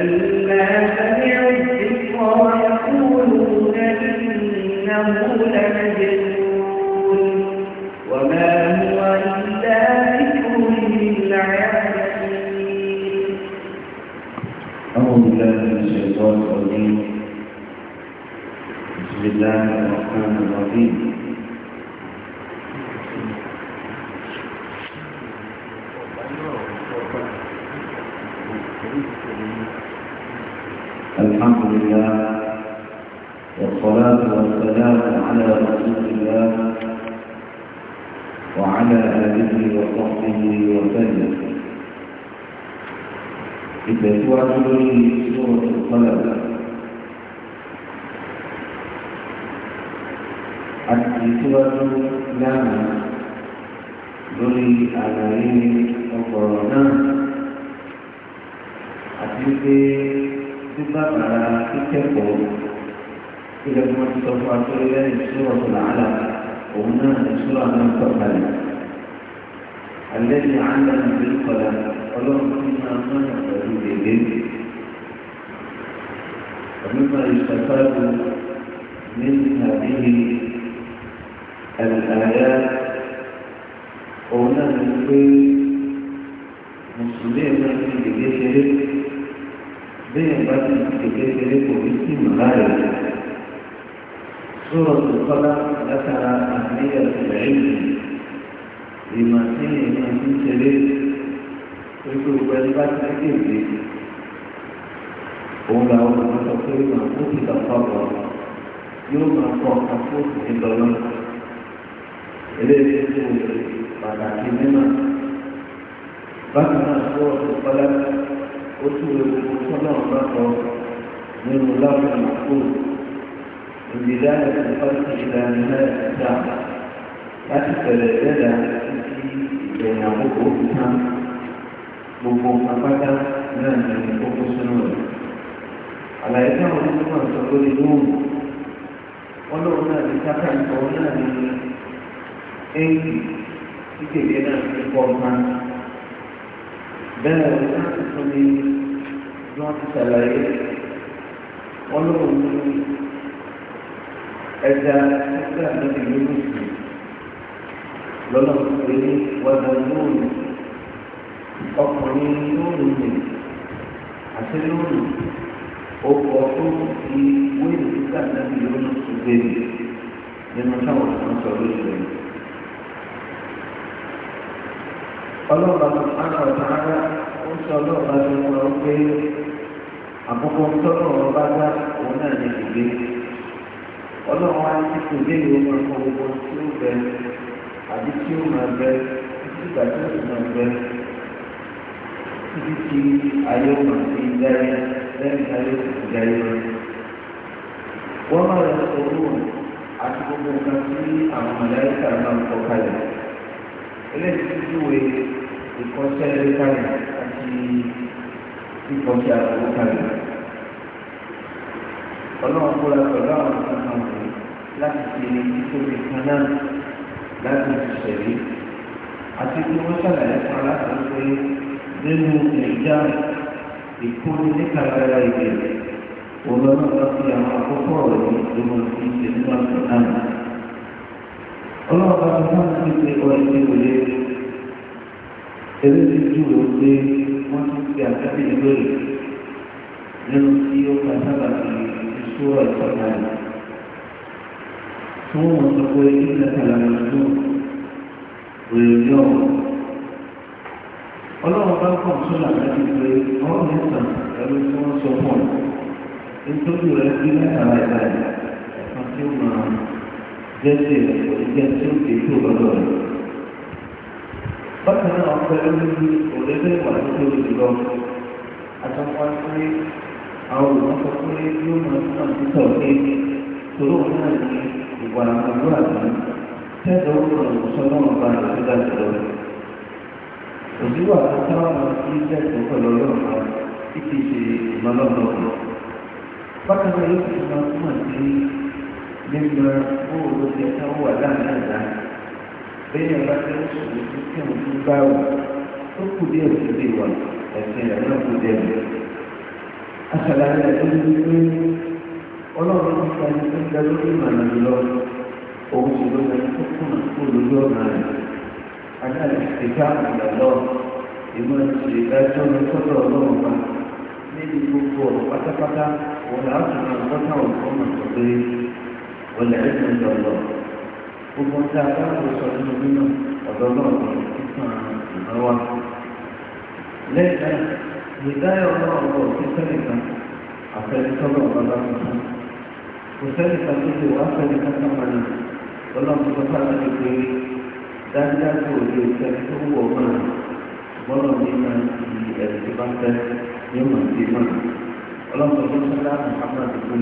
الذين òun làwọn ọmọ sọ pé màá ó ti lọ sọ́kọ̀ yóò máa kọ́ ọ̀kan fún òsì lọ lọ́nà eléyìí tó pàtàkì mímọ́ bákan náà tó ọ̀sẹ̀ kọ́lá ó tún lè gbogbo sọ́nà ọ̀gá kọ nínú láwùjọ àkókò ìdílé àti pàtàkì ìlànà náà dá láti tẹ̀lé ẹ̀dá títí ìgbẹ̀yìn àkókò ó gbogbo apáta náà ní kókó sínú rẹ̀ àlàyé tí àwọn onímọ̀ náà sọ lórí lóòrùn wọn lóòrùn náà ní sáká ìfọ̀ náà ní éyì tí kèké náà ti pọ̀ máa bẹ́ẹ̀ náà ti tún ní bí wọ́n ti ṣàlàyé wọn lóòrùn ní ẹja títí àtúntì lórí ìsìn lọ́nà pé wọ́n lóòrùn ọkùnrin lóòrùn nì àti lóòrùn ọkọ̀ tó ti wé ìdíkà nàbí lónà tó gbèrè nínú táwọn kan sọ lóṣù rẹ̀. ọlọ́pàá tó máa ń sọ sáárá ó sọ ọlọ́pàá tó ń lọ pé àkọ́kọ́ tọ́nà ọba dá òun náà ní ìgbé. ọlọ́run á ti kò dé ìwé máa kọ gbogbo tí ó bẹ àbí tí ó máa bẹ títí ìgbà tí ó sì máa bẹ títí tí ayé ó máa fi dáyé lẹ́yìn ayé ìjà yìí wọ́n máa lọ sọ́wọ́ àti gbogbo nǹkan tí àwọn mọ̀lẹ́kà máa ń kọ́ kalẹ̀ eléyìí ti júwe ìkọ́sẹ́ kalẹ̀ àti ìkọ́sẹ́ àkókò kalẹ̀ ọlọ́run kóra pẹ̀lú àwọn nǹkan kan wọ̀nyí láti fi ìtòkè kan náà láti ṣẹ̀lẹ̀ àti kí wọ́n ṣàlàyé fún aláṣẹ pé nínú ìjà ìkúni ní kàkàrà ìdè olórí kan fi àwọn àkókò ọ̀rọ̀ yìí tó mọ̀ sí ìṣe nínú àgbà náà. ọlọ́run bá ti ti ṣe ọ ìṣe òye eré ti ju o pé wọ́n ti fi àtàkì ìbéèrè nínú tí ó ka sábà fi ìṣó ẹ̀kọ́ náà. tí wọ́n mọ̀ sọ pé ìṣẹ̀lẹ̀ kàlà lọ́dún òye ní ọ̀hún ọlọ́run bá kọ̀ tó làbẹ́ni pé wọ́n ní sàn ẹ̀rọ tí wọ́n sọ pọ̀ nítorí rẹ̀ bí látara ẹ̀ka ẹ̀ ẹ̀ka tí ó máa jẹ́sẹ̀ ìjẹ́ tí ó ti tó lọ́dọ̀ rẹ̀. bákan náà ọ̀pẹ́ lórí òrèlè wà lórí òjò àtọ́kọ́ pé àwọn olùkọ́ pé yóò máa tún àti tọ̀ pé tòró náà ní ìwà àgbàdo àgbà tẹ́lẹ̀ ó rọrùn sọ́nà òbí wà láti wá wọn sí ìjẹ́sìn pẹ̀lú ọlọ́run wa tí kì í ṣe ìmọ̀lọ́run ọ̀rọ̀. bákan náà yóò fi máa túmọ̀ sí nínú bóòlù tí ẹ̀ka wà láàrin àgbà bẹ́ẹ̀ yẹn bá fẹ́ sọ̀rọ̀ sí kí wọ́n tún bá wọ̀ tó kù díẹ̀ sí ilé wa ẹ̀sìn rẹ̀ náà kù díẹ̀ lọ. àṣàlàyé ẹ̀sìn wípé ọlọ́run ti ka ẹni tó ń dá lórí ìmọ̀ràn lọ òun sì ló ń àná ìgbà ìyàlọ́ ìmọ̀ ìdájọ́ ní sọ́dọ̀ ọlọ́run bá níbi gbogbo ọ̀rọ̀ pátápátá wọn là á tún máa gbọ́dọ̀ ọ̀rọ̀ mọ̀ sọ pé wọn lè rí ní ọ̀dọ̀ gbogbo tá a bá ń sọ nínú nínú ọ̀dọ̀ náà ní sísan ìmọ̀wá. lẹ́yìn náà ìdáyọ̀ náà ọ̀rọ̀ sísẹ́ nìkan àfẹnusọ́dọ̀ bàbá tuntun kò sẹ́nìkan tó ti wá sẹ́nìkan sọ́mọ́ni ọlọ́run dájúdájú òye ìfẹ́ tó wọ̀ náà gbọ́dọ̀ ní máa ń fi ẹ̀rí tó bá fẹ́ ní màá ti mọ̀. ọlọ́pàá ló ń dá muhammad pé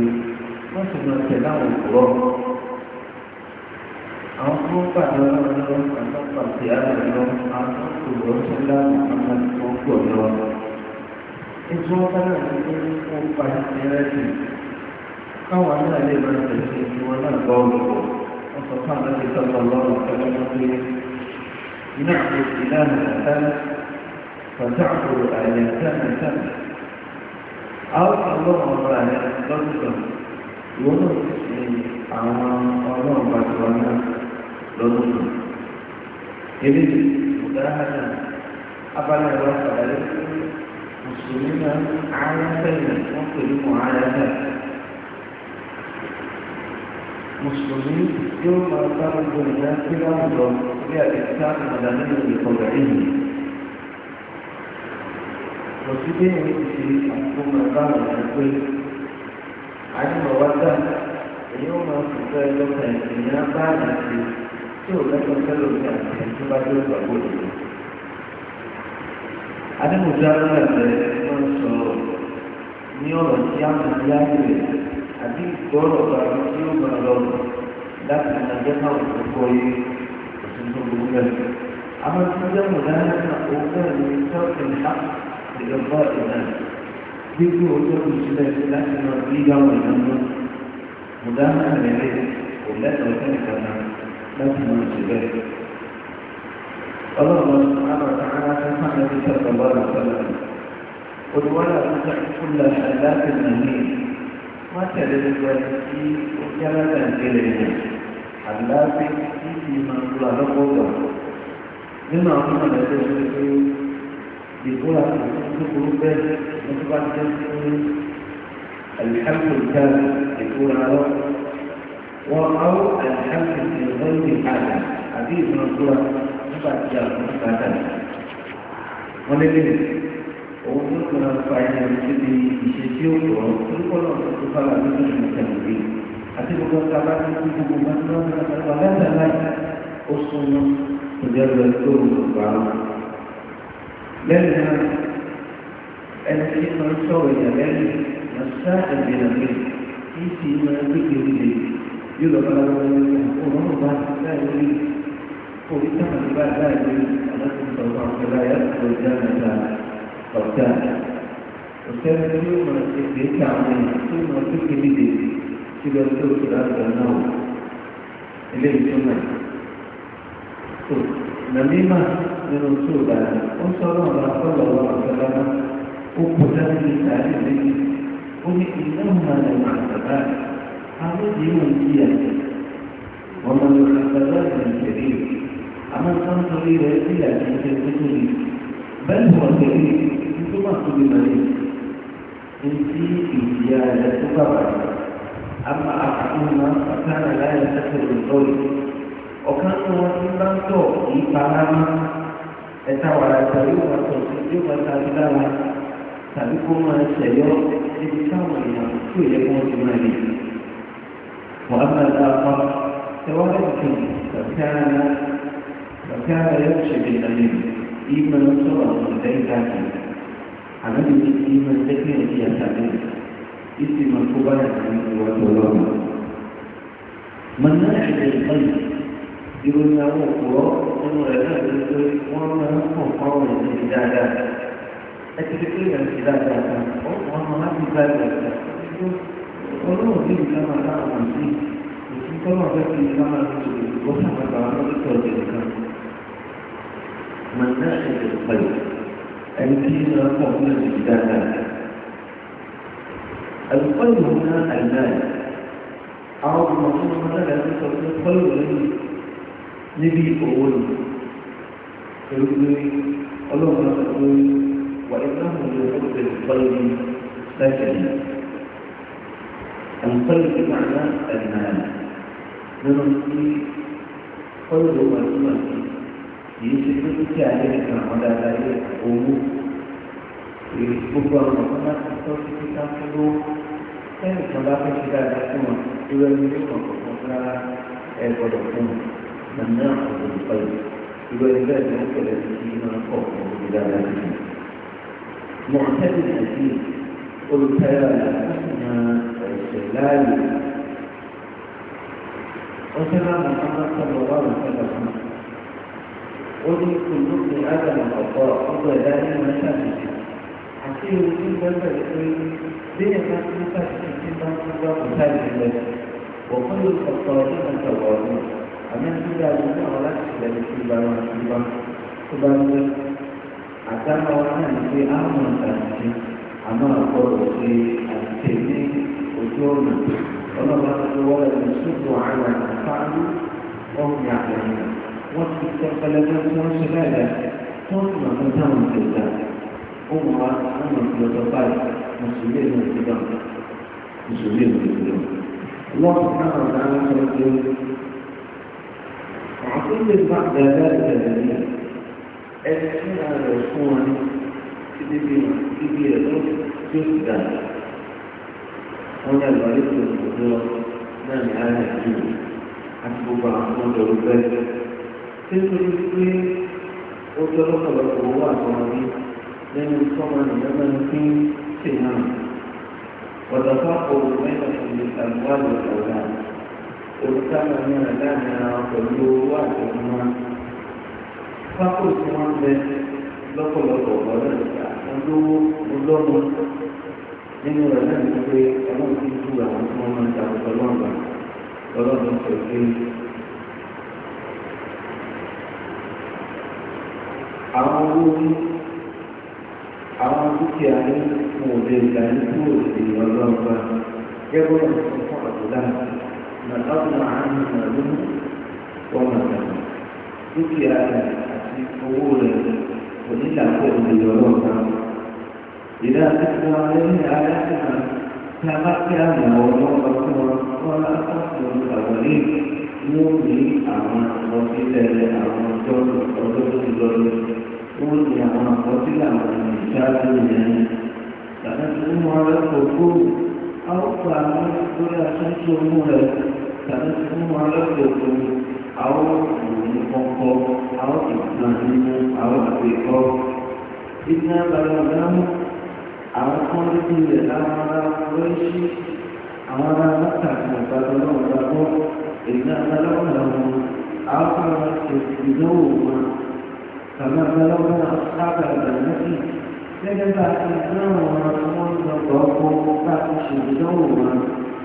wọ́n ti máa tẹ̀ láwọn òkúrọ̀. àwọn tó ń pàdé ọlọ́run lọ àtọ́pọ̀ àti àlọ́ lọ àwọn òkúrọ̀ ń tẹ̀ láwọn muhammad tó ń pọ̀ lọ. ètò wọn bá náà ní kó ń pa ìrẹsì káwọn náà lè máa tẹ̀sí ìwọn náà gbọ́ ọ̀pọ̀. وصفحان النبي صلى الله عليه وسلم نعبد إلهنا ثالث فتعبد آياتنا ثالث أو الله أمرنا لنظر ونصف àwọn ọlọ́run bá ti wá náà lọ́dún náà. Èmi ìdáhàdà abala ìwà pàdánù mùsùlùmí náà ààrẹ fẹ́yìn wọ́n pè ní mọ̀ ààrẹ náà mùsùlùmí yóò máa bá gbogbo ìdá tí wọ́n ń lọ bí àtẹ̀síká ìmọ̀dá nínú ìkọ̀gbà yìí. Kò sí bí èmi ti ṣe àkókò máa bá àwọn ọ̀rẹ́ pé àyìnbọ̀ wá dà èyí ó máa fi fẹ́ lọ́kàn ìyá bá àyàfi tí ò lẹ́kọ̀ọ́ fẹ́lẹ̀ òní àbí ìgbọ́rọ̀ tàbí tí ó gbọ́n lọ láti ìrìnàjò náà kò kọ́ yé òtún tó gbogbo rẹ̀. àmọ́ tí ó jẹ́mù láàárín òun náà ní tọ́kì ńlá ìjọba ìlànà gbígbó ọjọ́ ìṣúlẹ̀ láti lọ sí ìyàwó ìlànà mùdáhà rẹ̀ kò lẹ́tọ̀ọ́ sẹ́yìn kan láti lọ sí bẹ́ẹ̀. الله سبحانه وتعالى سمع النبي صلى الله عليه وسلم قل ولا تطع كل حلاف مهين wọ́n tẹ̀lé gbogbo ẹni tí ó jẹ́ alágbàǹgbélé rẹ̀ àdúrásí tí kì í máa ń lo àlọ́kọ̀ọ́gbà nínú àwọn ọmọ rẹ̀ tó ṣe pé ìbò àti ìdókòwò bẹ́ẹ̀ ní tó bá jẹ́ pé alihamdulilayi ìbò àlọ́ wọ́n á ó alihamdulilayi lọ́yìn àgbà ìbò àgbà òun ló ti máa fa ẹni ẹni tó di ìṣe tí ó pọ̀ tó kọ́ náà tó tó fara lójú ìṣẹ̀lẹ̀ tẹ̀lé àti gbogbo ọ̀gá bá ti kú gbogbo máa ń lọ́wọ́ nípa aláǹdà láì ó súnmọ́ ìjọba ẹgbẹ́ tó ń gbà á. lẹ́yìn náà ẹni tí máa ń sọ̀rọ̀ ìyàlẹ́yìn lọ sá ẹ̀jẹ̀ nàgbé kí sì máa ń gbé yóò lọ bára wọn lórí àkókò bá láì lórí orí táwọn ìbá láì lórí ọ̀tá ọ̀tá tí ó máa ṣe pé kí àwọn èèyàn tó máa tó kéde dè sí lọ sí òkè láti ọ̀nà ò ilé ìtumọ̀ tó nàmímà nínú tó dára ó sọ̀rọ̀ àwọn akọ́lọ̀ ọ̀rọ̀ ọ̀tọ́lára ó kó dání ní sàárè lẹ́yìn ó ní ìdáhùn àlẹ́ màtàbá àwọn yìí ń yí àjẹ́ wọ́n máa lọ kàtàbá ìrìnkèrè àmọ́ sáńtọ́rí rẹ̀ sí àjẹ́ ìṣẹ́ tó tóbi tí wọ́n ti lè lè ní tí ìdíyà rẹ̀ tó bá wà ní. àmà àkókò máa ń sàkánà láyé sẹ́kẹ̀ lọ́tọ́ yìí. ọ̀kan tó wọ́n ti bá ń tọ̀ yìí para mọ́ ẹ̀ta wàrà tàbí wàrà tọ̀ sí tí ó bá ta sí lára tàbí kó máa ṣẹ̀yọ́ níbi táwọn èèyàn tó yẹ kó wọ́n ti máa lè. wọ́n á máa dá apá ẹwọ́n ẹ̀sìn kàkíára kàkíára yóò ṣe ìdàlẹ́ ìmọ̀ sọ̀rọ̀ ọ̀dẹ́ ìdájọ́. ànábì ti fi mọ ẹgbẹ́ ẹ̀dí àtàlẹ́ ìsì mọ tó bá yà ní ìwájú ọlọ́run. mọ̀nà ẹ̀jẹ̀ ìbáyìí ìròyìn àwọn òpùrọ̀ nínú rẹ̀ náà ti pé wọ́n máa ń pọ̀ fáwọn ẹ̀jẹ̀ ti dáadáa. ẹ ti fi pé ìrìn àti dáadáa kan ó wọ́n máa láti gba ìgbà kan ọlọ́run ní ìgbà máa láwọn àti ìfúnkọ́nà fẹ́ fi ìgbà máa lọ sí ìgbọ́sàmọ́ta tó ọ̀dẹ̀ nìkan. mọ̀nà ẹ̀jẹ̀ ẹni tí ìlú ọkọ̀ ní ìlú dáadáa alùpàdé wọn náà àìdáì àwọn ọmọ tó wọn náà lẹ́nu sọ pé pọ́lù lẹ́yìn níbi owó ni pẹ̀lú pé ọlọ́run náà sọ pé wà ní káwọn ọmọ tó pẹ̀lú pọ́lù ní lẹ́sẹ̀ yìí alùpàdé wọn náà àìdáì nínú tí pọ́lù wọn náà kìí ṣe pé kí ayé nìkan kan dáadáa yẹ owó èrè gbogbo àwọn ọ̀kan láti tọ́ sí kíkà fún lówó ẹnì kan bá fẹ́ ṣe dáadáa fún wọn irú ẹni yóò kàn kọ̀ọ̀kan rárá ẹ gbọ́dọ̀ fún wọn nàmínà ọ̀dọ̀ ìpàdé irú ẹni bẹ́ẹ̀ ni wọ́n kẹ̀lẹ́ sí kí máa kọ̀ ọ̀dọ̀ dáadáa sí i. mọ̀tẹ́lì àti olùtayọ̀ àlàáfíà ẹ̀ṣẹ̀ láàyè ọjọ́ náà mọ̀ ó ní kùnúkùn ágàmù ọ̀pọ̀ ọgbọ̀ ẹ̀dá ní wọn ṣàṣìṣe àti ohun tí wọ́n bẹ̀rẹ̀ pé bíyẹn bá tún ṣàṣìṣe tí bá tún bá kò ṣàṣìṣe lẹ̀ wọ́n kọ́ ló kọ̀kọ́ ní ọjọ́ ọ̀rọ̀ àmì ìdílé àwọn ọmọ láti ṣẹlẹ̀ sí ìgbà wọn sí bá tó bá ń gbé àdámọ́ náà ní pé àwọn àṣàṣìṣe àmọ́ àgbọ̀rọ̀ ṣe àṣìṣe ní ojú ọ̀nà ọlọ́run tó wọ́n lè ṣùgbọ́n àwọn àṣàṣe wọ́n fi àgbẹ̀yìn wọ́n ti tẹ pẹlẹbẹ tí wọ́n ṣe bẹ́ẹ̀ lẹ tó ń nà ní táwọn ti gbà ó mọ wa wọ́n mọ ti lọ́dọ̀ báyìí mùsùlùmí ló ti dàn mùsùlùmí ló ti dàn wọ́n ti náà wọ́n sọ pé àkókò bá bẹ̀rẹ̀ bẹ̀rẹ̀ ní ẹni tí wọ́n rẹ̀ fún wọn títí bí wọn títí rẹ̀ tó tó ti dà wọ́n yà lọ́ọ́ lẹ́sìn òkú náà ní ara ìdílé àti gbogbo àwọn ọmọdé ọdún nítorí pé ojú ọlọ́pọ̀lọpọ̀ wà lọ́wọ́ lẹ́nu sọ́mọ nìyẹn máa ń pín sí náà ọ̀dọ̀fà òun mẹ́ta ìlú àgbà lọ́dọ̀ ọ̀la olùkámà ní àdáni ara pẹ̀lú owó àtẹnumá pápó tí wọ́n bẹ lọ́pọ̀lọpọ̀ ọ̀rọ̀ ìgbà olówó olómọ nínú rẹ̀ náà ní pé ọlọ́run ti dúró àwọn tí wọ́n máa ń ta ọ̀pọ̀lọpọ̀ ọlọ́run àwọn owó ní àwọn dúkìá ní fún òde ìgbà ní kúrò sí ọlọ́ọ̀gbà gẹ́gọ́ fún àbúdá nàtàkùn àánú màlúù wọn màtàkùn dúkìá rẹ̀ àti owó rẹ̀ onílàpọ̀ òde ọlọ́ọ̀gbà ìdá àtúntò àwọn ẹni àyàtúntà tí a bá kí àwọn ọlọ́ọ̀gbà fún wọn wọn lásán fún ọlọ́ọ̀gbà wọ́n ní àwọn àkọsílẹ̀ àwọn ọjọ́ ọjọ́ tó ti lọ lọ wọ́n ní àwọn àkọsílẹ̀ àwọn ìṣáájú yẹn tàbí tí wọ́n rẹ̀ kò kó àwọn ọkọ̀ àwọn lórí aṣáájú ọmọ rẹ̀ tàbí tí wọ́n rẹ̀ kò kó àwọn òní kọ̀ọ̀kọ̀ àwọn ìgbà nínú àwọn àgbẹ̀kọ́ ìdí abàlẹ̀ ọ̀gáwó àwọn kọ́ńtì ilẹ̀ láwọn ará wẹ́ẹ́sì àwọn ará látàkùn ìbàdàn náà gbàgbọ́. إنا بلغناهم عقرت يفسدون فما بلغنا أصحاب الجنة كذب أحدناهم رسول ربهم فأشهدوهم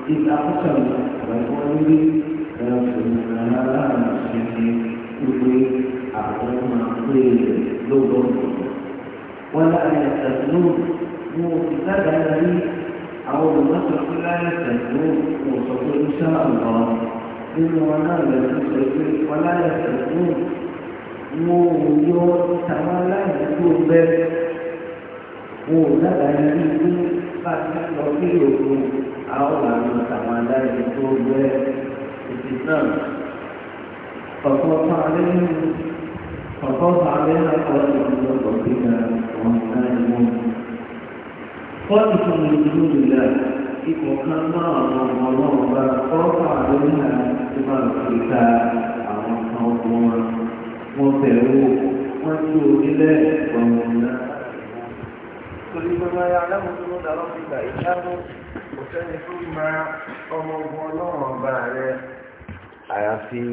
إذ أقسموا بالقلب فيصلونها مسلمين يقول أعطونا طيب دور ولا يستثنون مبتدا لي أو مصر لا يستثنون وصلوا إن شاء الله nínú wọn náà lẹ́nu sọ pé ọláyẹ̀sẹ̀ fún wọn ò yọ tàwọn aláìní tó bẹ́ wọn ò dábàá yẹn ní bí bá ti lọ sí òkú àwọn làwọn tàwọn aláìní tó bẹ́ ètò náà. فطاف عليهم فطاف عليها قائد من ربنا وهم نائمون خالق من دون الله ipò kan náà àwọn ọmọ ọlọ́run bá kọ́kọ́ àdóyún àti tó máa fi ta àwọn kan ọkọ wọn. wọ́n bẹ̀rù wọ́n tí onílẹ̀ ọ̀hún náà. torí bàbá ya alámòtó ló dá lọ́fíìgbà ìyáàmú kò sẹ́ni tó máa ọmọ ogun ọlọ́run ọba rẹ àyàfi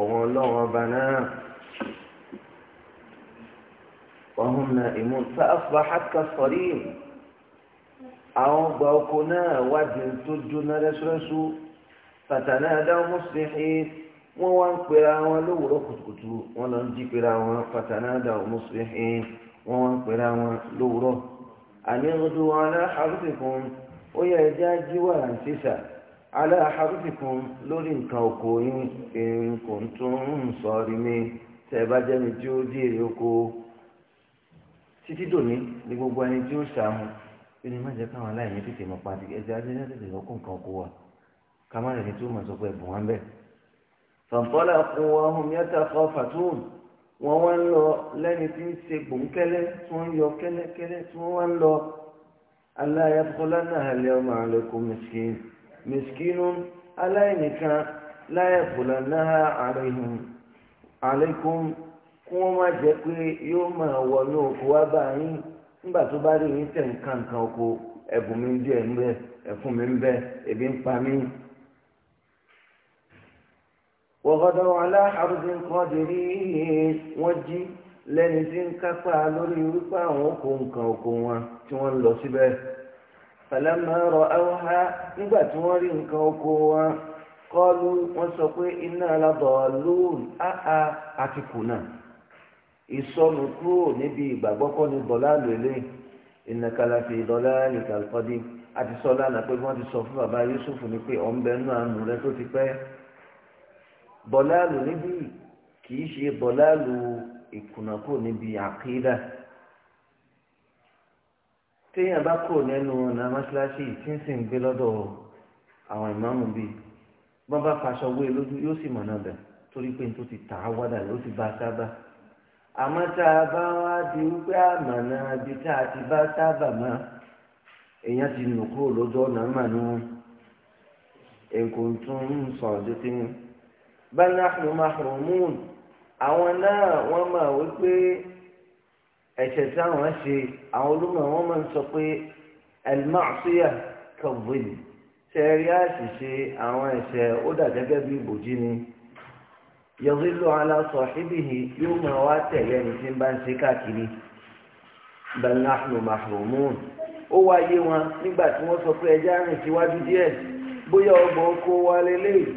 ọ̀wọ́n ọlọ́run ọba náà. وهم نائمون فأصبحت كالصريم àwọn ọgbà oko náà wádìí tó jóná rẹ́súrẹ́sú tàtàná adáwọ mùsùlùmí wọ́n wá ń pera wọn lówùúrọ̀ kùtùkùtù wọ́n lọ ń jí pera wọn tàtàná adáwọ mùsùlùmí wọ́n wá ń pera wọn lówùúrọ̀ àní ọdún wọn aláhàrúfì kan ó yẹ ẹja jíwà ń ṣèṣà aláhàrúfì kan lórí nǹkan oko yín kò tún sọ rí mi tẹ́ bá jẹ́ni tí ó dí èrè oko títí dòní ni gbogbo ẹni tí ó ṣàmù kí ni má jẹ́ káwọn aláìní tètè mọ̀ pàdé ẹ̀jẹ̀ ajẹ́jẹ́ tètè lọ́kọ̀ nǹkan kó wa ká má rẹ̀ ní tó mọ̀ sọ pé ẹ̀bùn wọn bẹ̀. fàǹfọ́lá fún wa hùn yàtà fọ́ fàtún wọn wá ń lọ lẹ́ni tí ń ṣe gbòǹkẹ́lẹ́ tí wọ́n yọ kẹ́lẹ́kẹ́lẹ́ tí wọ́n wá ń lọ aláyàfọ́lá náà lẹ́ ọmọ àlẹ́kùn mẹ́sìkín mẹ́sìkínú aláìníkan láyàfọ́lá náà àlẹ́kùn kí wọ́n má jẹ́ pé yóò máa wọ òkú wá báyìí nígbà tó bá rí yín tẹ̀ ń ká nǹkan oko ẹ̀bùn mi mi ebi ń pa mí. wọ́gọ́dọ̀ alá àrùbí nǹkan wọ́n jí lẹ́ni tí ń kápá lórí wípé àwọn nǹkan oko wọn tí wọ́n ń lọ síbẹ̀. fàlámà rọ áwòhá nígbà tí wọ́n rí nǹkan oko wọn kọ́lu wọ́n sọ pé iná alábọ̀ lóòrùn àti kùnà. ìsọnù kúrò níbi ìgbàgbọ́ kọ́ ni bọ̀lá lòlẹ́ ìnàkàlà fi ìdọ́lá nìkàlùkọ́dé àti sọ lánàá pé wọ́n ti sọ fún bàbá Yusuf ni pé ọ̀nbẹ nù àánú rẹ tó ti pẹ́ bọ̀lá lò níbí kìí ṣe bọ̀lá lò ìkùnà kò níbi àkídà téèyàn bá kò nínú ọ̀nà mọ́ṣáláṣí tí ń sìn gbé lọ́dọ̀ àwọn ìmáàmù bíi bọ́n bá faṣọ wé lójú yóò sì mọ̀ náà bẹ̀ torí pé n tó ti tà á wádà ló àmọ́ tá a bá wá di wípé àmàna ibi tá a ti bá sábà má èèyàn ti nù kúrò lójú ọ̀nà mànú nǹkan tó ń sọ̀rọ̀ títí ní. báyìí àfihàn mahrumun àwọn náà wọ́n máa wípé ẹ̀ṣẹ̀ táwọn ṣe àwọn olùmọ̀ wọ́n máa ń sọ pé al kọ̀wé ṣẹ̀rí àṣìṣe àwọn ẹ̀ṣẹ̀ ó dà gẹ́gẹ́ bí ìbòjì ni. yọ̀gílò ala ìbìhì yóò máa wá tẹ̀lé ẹni tí ń bá ń ṣe káàkiri balnahnu mahrumun ó wáyé wọn nígbà tí wọ́n sọ pé ẹja rìn síwájú díẹ̀ bóyá ọgbà wa lélẹ́yìí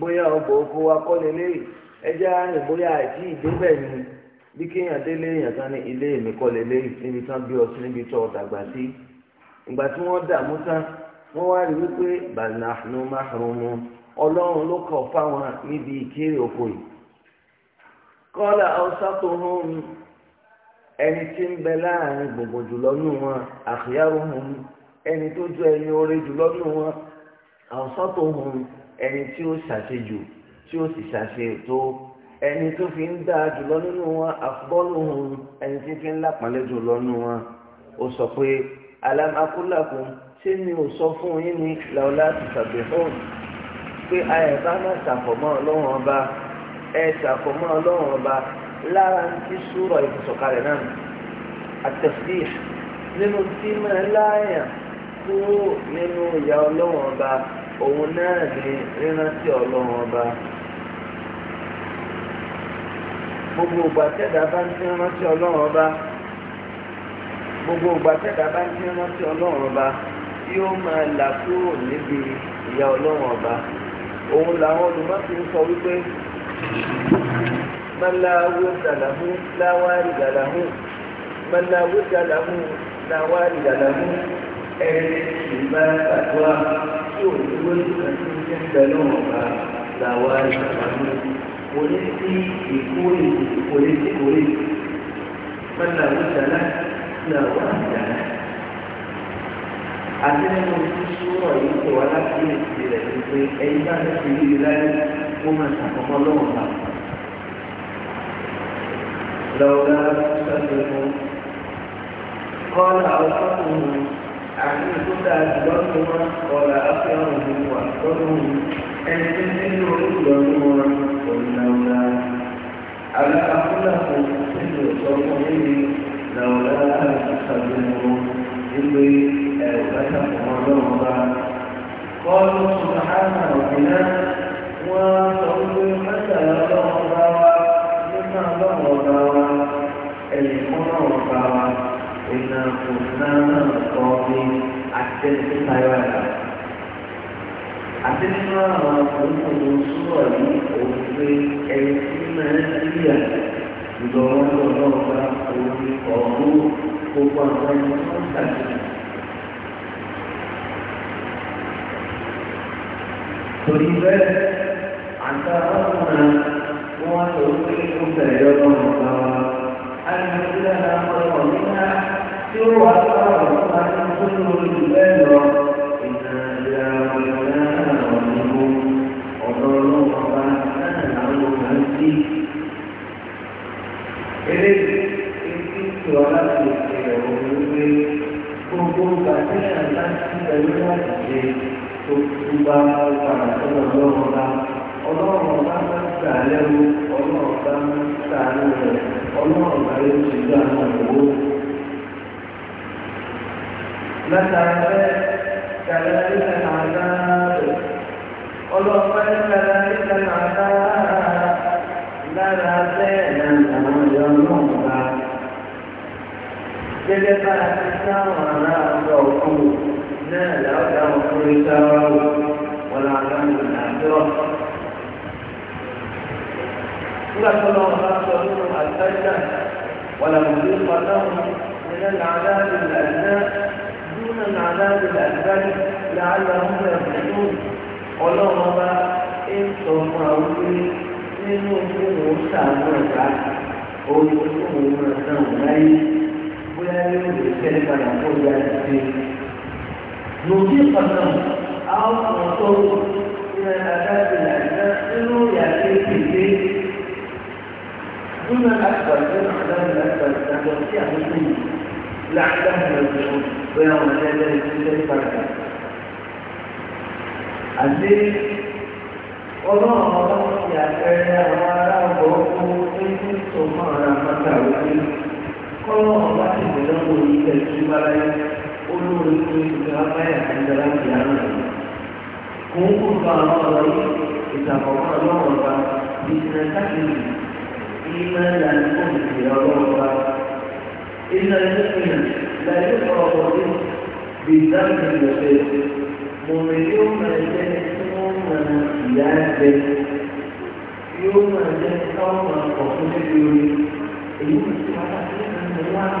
boya ọgbà ko wa lele lélẹ́yìí ẹja rìn bóyá àti ìdébẹ̀ ni bí kéèyàn délé èèyàn tán ní ilé mi kọ́ lélẹ́yìí níbi tán bí ọtí níbi tó ọlọ́run ló kọ̀ fáwọn níbi ìkéré oko yìí kọ́lá haúsá tó hàn ẹni tí ń bẹ láàrin gbogbo jùlọ nù wọn àfìyàwó hàn ẹni tó jọ ẹni oore jùlọ nù wọn haúsá tó hàn ẹni tí ó ṣàṣejù tí ó sì ṣàṣètò ẹni tó fi ń dáa jùlọ nínú wọn àfbọ́lù hàn ẹni tí fi ń lápàlẹ́ jùlọ nù wọn ó sọ pé alámakúlàkùn ṣé ni ò sọ fún yín ni làwọn láti ṣàbẹ̀fọ́ pé ayẹ̀ bá má ṣàfọ̀mọ́ ọlọ́run ọba ẹ ṣàfọ̀mọ́ ọlọ́run ọba lára ń tí súrọ̀ ìfọ̀sọ̀kalẹ̀ náà àtẹ̀sí nínú tí máa láàyà kúrò nínú ìyá ọlọ́run ọba òun náà ní rírántí ọlọ́run ọba. gbogbo ògbà tẹ́dá bá ń tí rántí ọlọ́run ọba gbogbo ògbà tẹ́dá bá ń tí rántí ọlọ́run ọba yóò máa là kúrò níbi ìyá ọlọ́run ọba òun làwọn olùmọ́sí ń sọ wípé mọ́láwó dàlàmú láwárí dàlàmú mọ́láwó dàlàmú láwárí dàlàmú ẹni ìgbà àtúwà tí ò ní lórí kan tí ó ti ń bẹ lọ́wọ́ bá láwárí dàlàmú kò ní sí ìkórè kò ní sí kórè mọ́láwó dàlàmú láwárí dàlàmú àti nínú sùúrọ̀ yìí kò wá láti lè ti rẹ̀ ní pé ẹni bá ní ti rí láyé ó máa ṣàkọ́kọ́ lọ́wọ́ bá. lọ́wọ́dá sọ́dọ̀ fún kọ́lá ọ̀sọ́kùnrin àti ìkúta àtìlọ́sọ wọn kọ́lá afẹ́hàn òun wà lọ́dún ẹni tí nínú olùdọ́dún wọn kò ní lọ́wọ́dá. àlọ́ àkúlàkùn nínú ìsọfún yìí lọ́wọ́dá sọ́dọ̀ fún nígbè قالوا سبحان ربنا وتقول حتى لو رضاوا مما لو رضاوا الكون رضاوا إنا كنا نصابين حتى الحيوان àti nínú àwọn olùkòwò sọ̀rọ̀ yìí òfin ẹ̀sìn nàìjíríà ìdọ̀rọ̀ ọ̀dọ́ ọ̀gá òfin ọ̀hún gbogbo àwọn ẹni tó ń ṣàkíyèsí torí bẹ́ẹ̀ àtàwọn ọmọ wọn tó ń pè fún tẹ̀lé ọmọ ọmọ alùpùpù náà ọmọ nígbà tí ó wà sáwọn ọmọ tó tó lórí bẹ́ẹ̀ lọ ìnàjà ọmọ náà ọmọ ọ̀dọ́ ọlọ́wọ́ bá náà láwọn ọmọ sí. eléyìí ti ń sọ láti ìṣẹ̀lẹ̀ òun wípé gbogbo gbàtẹ́yà láti ẹ̀rọ láti ṣe gbogbo bá wà lọ́wọ́ lọ́wọ́ bá ọlọ́run bá ń tà lẹ́rú ọlọ́run bá ń tà ọlọ́run bá yóò ti gbà náà owó. látara kàlẹ́ nígbà náà dáàbò ní kàlẹ́ nígbà náà lára bẹ́ẹ̀ náà àwọn ìyá ọlọ́run bá gẹ́gẹ́ bá a ti sáwọn ará ọ̀dọ́ ọ̀kan wò náà làwọn àwọn ọkùnrin sáwá wò wọn làwọn àwọn ọmọ àdúrà. nígbà tó lọ wọn bá sọ nínú àtàjà wọn làwọn òbí pàtàkùn nínú nàdá ìlànà dúnà nàdá ìlànà làálàá ń يطيق النوم أو يطوق إلى الأداة العلماء إنه يأتي في البيت دون الأكبر دون عدم الأكبر أن يطيع الدين لعدم الدين ويوم الجنة الجنة بركة الدين Ọlọ́run ọlọ́run ti àpẹẹrẹ àwọn ará ọgbọ̀ ọkùnrin tó ń tún tó mọ́ ara mọ́ta wáyé. Kọ́lọ́ ọ̀gá ti gbẹ̀dọ́ lórí ilẹ̀ tí ó bá láyé. itu apa ya hendaklah dihalang. Kumpul kalau lagi kita bawa Allah Allah di sana ini iman dan kunci Allah Allah. Inna Lillahi la ilaha illallah. Mumiyum majen semua mana diajar. Yum majen kau mana kau sendiri. Ini siapa sih yang melarang?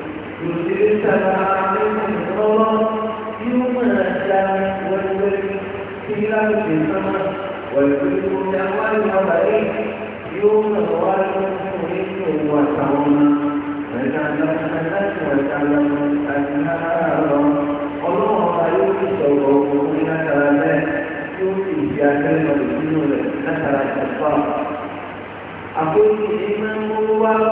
يرسل السماء عليكم مدرارا يوما السلام والبرك في لعنة السماء ويكلكم بأموال وبنين يوم الوالد يريد وسعونا فجعلنا الناس وجعلنا الأنهار الله يؤتي سوره من كلامه يؤتي في كلمة الدين نثر الكفار أقول إيمان الله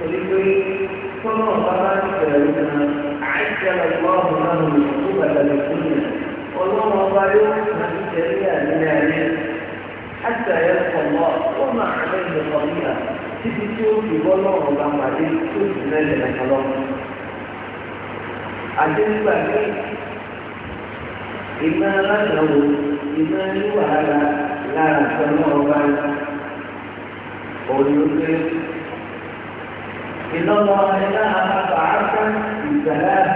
تلقي كل مرات كلامنا عجل الله له العقوبة للدنيا والله ضيوف من جريء من عليه حتى يلقى الله وما عليه قضية تجدون في والله وما عليه كل نجم حرام عشان يبقى إما غنه إما يوهل لا تنوع بعد قولوا إن الله إنها أطاعك بالسلام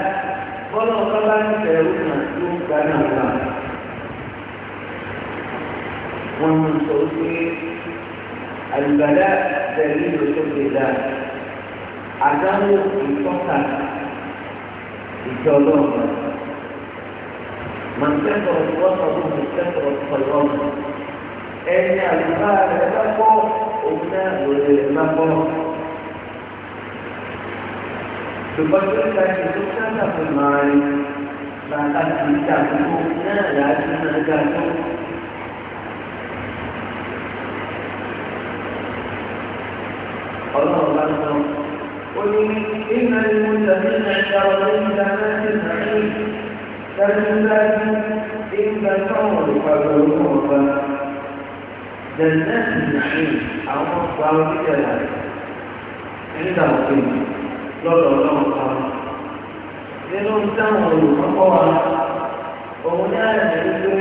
ولو طبعا سيكون مسلوب كان الله ومن صوتي البلاء دليل شكر الله عدم الفقر الجلال من كثرت وصفه كثرت خيرات ان الفاعل تقوى ابناء المقام to buttress that resistance of the mind maka kita hukumnya lagi tergantung Allah Allah قل إن المتقين عند ربهم جنات النعيم تنزل إن الأمر فبلوغ جنات النعيم أو الصالح عند ربهم lọ́dọ̀ ọlọ́run kan nínú táwọn olùkọ́kọ́ wa òun ní àyà ní pé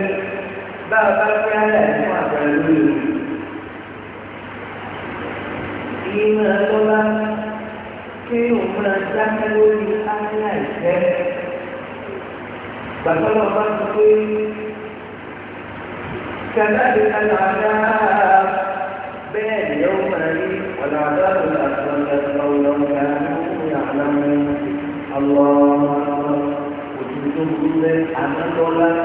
bá a bá fẹ́ àyà fún àgbàlú rẹ̀ ìmọ̀ ẹ̀lọ́lá kí òun máa dákẹ́ lórí àyà ìfẹ́ gbàtọ́lọ́ bá ti pé kẹlẹ́bí aláàdá bẹ́ẹ̀ ni ó máa rí ọ̀làdá tó lásán lọ́wọ́ lọ́wọ́ يعلمون الله وجودهم بالله عمل الله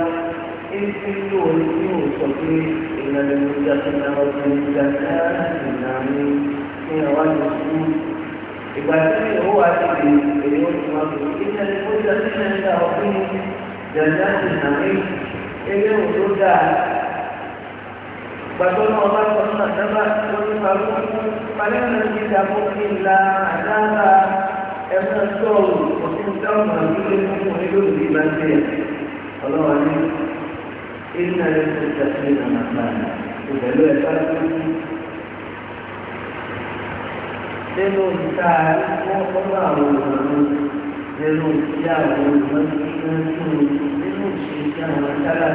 إنسلون يوسفي إلى المتقين والمتقات النعمين في رجل يبقى هو أكيد اليوم إن المتقين عند ربهم جنات النعيم اليوم تدعى فكل ما قد سمع كل فروح فلم يجد إلا عذابا ẹ̀fọ́ sọ̀rọ̀ òfin táwọn àdúgbò fún onílòdì ìbá ń tẹ̀yà ọlọ́wọ́n ní ìrìnà rẹ̀ tó ṣàfihàn àwọn àgbàlá ìbẹ̀lú ẹ̀fọ́ àdúgbò nínú ìta wọn fọ́nà àwọn òṣèlú nínú ìyá àwọn òṣèlú nínú ìṣèṣẹ́ àwọn sára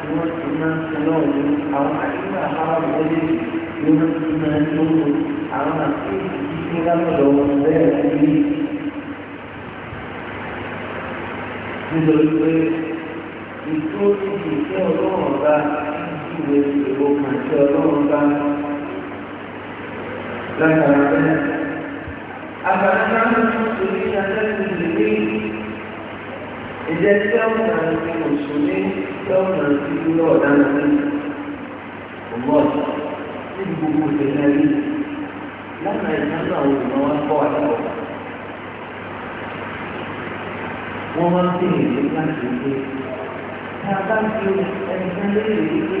ni wọ́n ti máa ń sọ náà ní àwọn àdúgbò àwọn òṣèlú ni wọ́n ti máa ń lò àwọn àti ìdílé lábọ̀dọ̀ wọn bẹ́ẹ̀ sí nítorí pé ìtú ìdí iṣẹ́ ọlọ́run ọba ìwé ìwò kan ọlọ́run ọba látara bẹ́ẹ̀. àbàdàbà ń tún orí atẹ́kùn ìdílé ìjẹ́ tí ó kàn án ti òṣùlé tí ó kàn án ti dúró ọ̀daràn ní ọmọọ̀tọ̀ níbi gbogbo ìṣẹ̀lẹ̀ rí lánàá ìdáná àwọn olùmọ̀ wá kọ́ àtàwọn. wọ́n máa ń fi èrè láti gbé. Ní abájú ẹni tí wọ́n lè rí pé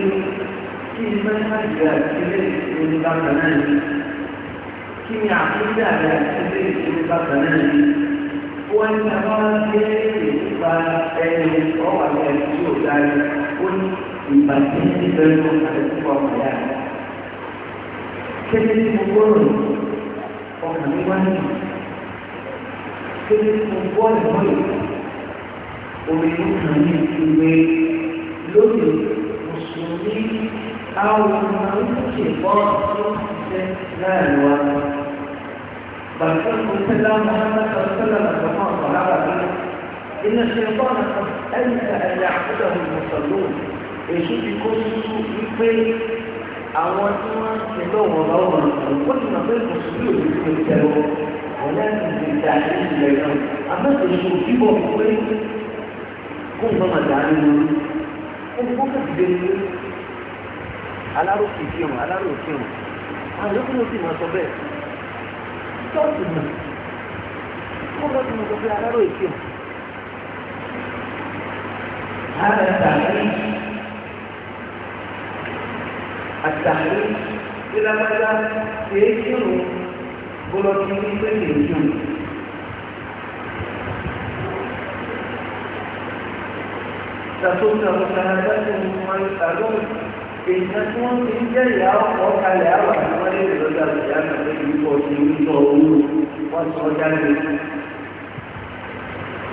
kí ni mẹ́tàlì àti ilé ìsinmi bàbá náà ní. Kí ni àkójọ àti ilé ìsinmi bàbá náà ní. Wọ́n ní abá wọn gbé èrè nípa ẹni ọ̀wà obìnrin kan ní ìwé lórí mùsùlùmí àwọn ọmọ oríṣi ìbọ́ tó ń ṣiṣẹ́ láàrin wa. Bàtà ìkọ̀sẹ́lá Mọ́hámẹ́d Sọ́sẹ́lá Màtàmá ọ̀pọ̀lá bàbá. Iná ṣe bọ́ nàkọ́ ẹ̀yìn ẹ̀yà àkójọ ìmọ̀sọ̀lù. Èṣù ti kó sísú wípé àwọn tí wọ́n ń ṣe lọ́wọ́ lọ́wọ́ ó ti mọ̀ pé mùsùlùmí ò ní ṣe ìjẹ́wọ́. Ọ̀lẹ́ni ti dà ní ìlẹ̀ náà. Àmọ́ èṣù bíbọ̀ pé kó nǹkan máa dà nínú ẹni kó kò dìde nínú aláròkè fi hàn aláròkè hàn àwọn yòókù ló sì máa sọ bẹ́ẹ̀ ṣọ́ọ̀tì mọ̀ kó lọ́ọ́ ti mọ̀ sọ pé aláròkè fi hàn. هذا التحريف التحريف إلى ماذا؟ يجب بلوكين في الجنة تكون مشاهداتهم ويسألون إن تكون إنجا يا أوكا يا وحنا لبدا بيانا بيبوشي ويطورو وصوجاني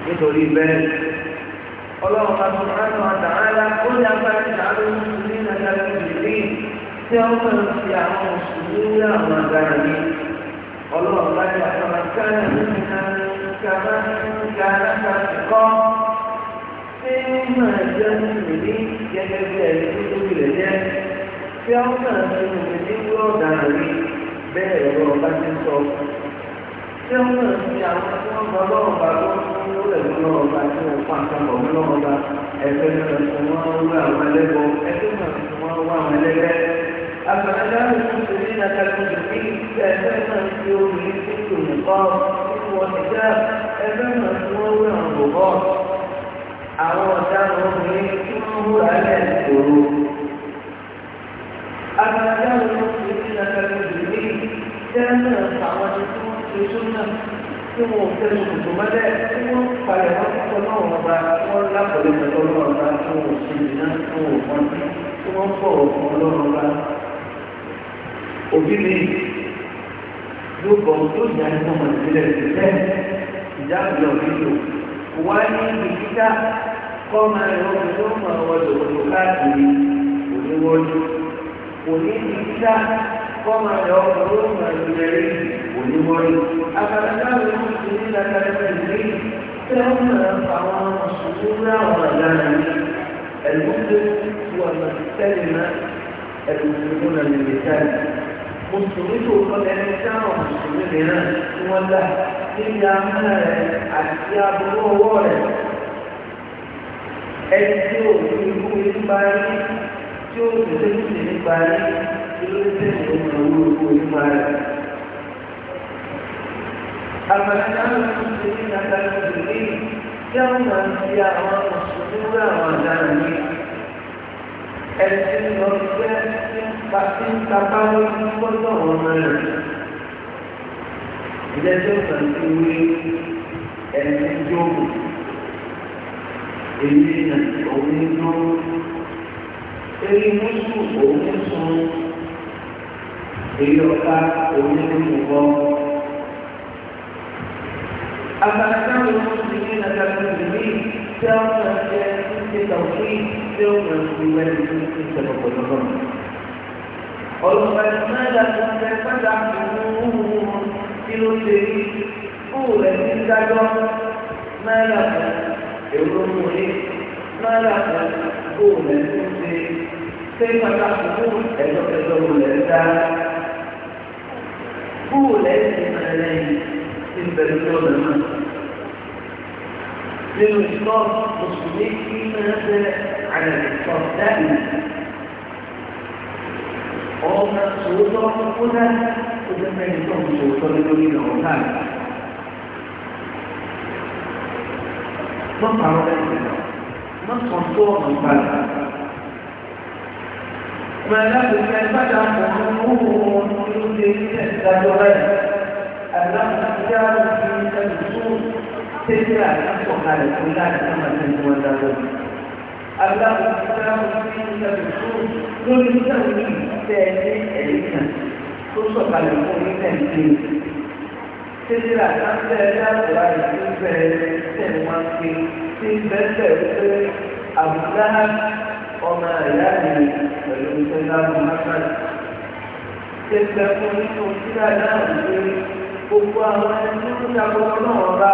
nítorí bẹ́ẹ̀ ọlọ́run bá tún rán náà dáadáa ó ní agbára ti àárọ̀ mùsùlùmí náà láti ìlú tí wọ́n fẹ́ fi àwọn mùsùlùmí ní àwọn agbára máa jẹ́ mùsùlùmí ní gẹ́gẹ́ bí ẹni tó tóbi rẹ̀ jẹ́ tí ó náà ti mùsùlùmí ní wúrọ̀ ọ̀daràn rí bẹ́ẹ̀ ẹ̀rọ ọba ti sọ. tí ó náà ti àwọn tí wọ́n mọ ọlọ́run bá lọ sí ọ̀rẹ́ ọlọ́run ọba tí wọ́n pa àkàbọ̀ ọlọ́run ọba ẹ̀fẹ́ náà ti wọ́n wá àwọn ẹlẹ́bọ̀ ẹ̀fẹ́ náà ti wọ́n wá àwọn ẹlẹ́bẹ̀ àgbàdàgbà mùsùlùmí náà kàlùmùsùlùmí ẹ̀fẹ́ náà ti omi ní kíkùn nìkan kíkùn ọ̀nìjà àwọn ọ̀daràn obìnrin tí wọ́n ń wúra lẹ́yìn ìṣòro. Agbájáwò ló fi ní Nàkàlẹ́ ìdílé tẹ́lẹ̀ àwọn ẹni tí wọ́n ti tún náà tí wọ́n fẹ́ ṣòkòtò mọ́lẹ̀ tí wọ́n palẹ̀ wọ́n púpọ̀ náà wọ́n bá wọ́n lápọ̀lẹ̀ pẹ̀lú ọlọ́run bá tí wọ́n ṣe ìná tí wọ́n wọ́n tí wọ́n pọ̀ ọlọ́run bá. Òbí mi yóò bọ̀ tó ìyá ẹ̀kọ́ mọ̀ ìbílẹ̀ ìbílẹ̀ ìyá ìyá òbí yòó. وليبتا قم وما الظهر وليبتا قم يوم الظهر وليبتا قم يوم الظهر وليبتا أفلا كانوا المسلمين كانوا يرفعون الصدور والمسلم هو المسلمة المسلمون للمثال mùsùlùmí tó kọ́ lẹ́nu tí àwọn mùsùlùmí mìíràn tí wọ́n dà níbi amúnà rẹ̀ àti aburú ọwọ́ rẹ̀ ẹni tí ò ní ikú nípa rí tí ó sì lé sí nípa rí tí ó sì lè ní owó ikú nípa rẹ̀. àgbàdo àwọn mùsùlùmí ní àgbàdo ìlú tí àwọn máa ń fi àwọn mùsùlùmí rẹ̀ àwọn àdáni ẹtí lọ gbé nípa tí ń tapá lójú gbọ́dọ̀ wọn máa rẹ̀. Ilé tí ó sàn ti wí ẹni yóò èyí nà òun ló èyí mùsù òun sùn èyí ọ̀tá òun ló mú bọ́. Àgbàdo táwọn ọmọ ti ní nàdàkùn ìlú yìí tí wọ́n ṣe tàwùsí tí ó mọ̀ sí wẹ́rẹ́ tó ti sọ̀rọ̀ pẹ̀lú ọ̀rọ̀. ọ̀rọ̀ mẹ́ta tó ń fẹ́ padà fún kí ló ṣe rí fún rẹ̀ ní dájọ́ mẹ́ta èrò mú ní mẹ́ta kó rẹ̀ tó ṣe ṣé padà fún ẹ̀dọ́kẹ́dọ́ rẹ̀ dá kó rẹ̀ ti mẹ́rẹ̀ ti bẹ̀rẹ̀ tó rẹ̀ náà. للإحصار مصدق فيما نزل على الإحصار دائما وهم سلطة هنا وزمان لكم سلطة لدولين عمان نصع ولا نصر نصع صورة مبالغة ما لابد أن بدأ وحنوه ويجب أن تدرس أنه كتاب في النصوص tẹ́lẹ̀ àtàkùn kalẹ̀ fún láti sábà tẹ́ ní wọn dáwọ́. Aláwọ̀ sábà fi ń sọ̀rọ̀ fún lórí sọ̀rọ̀ ní ìfẹ́ ní ẹ̀rí kan tó sọ̀kalẹ̀ fún ní tẹ̀lé. Tẹ́lẹ̀ àtàkùn láti wá ìfẹ́ tẹ̀lé wọn pé tí bẹ́ẹ̀ pé àbúrá ọmọ ìyá mi pẹ̀lú ìṣẹ́lá Muhammad. Tẹ́lẹ̀ fún nínú sílá náà pé gbogbo àwọn ẹni tó ń takọ̀ náà bá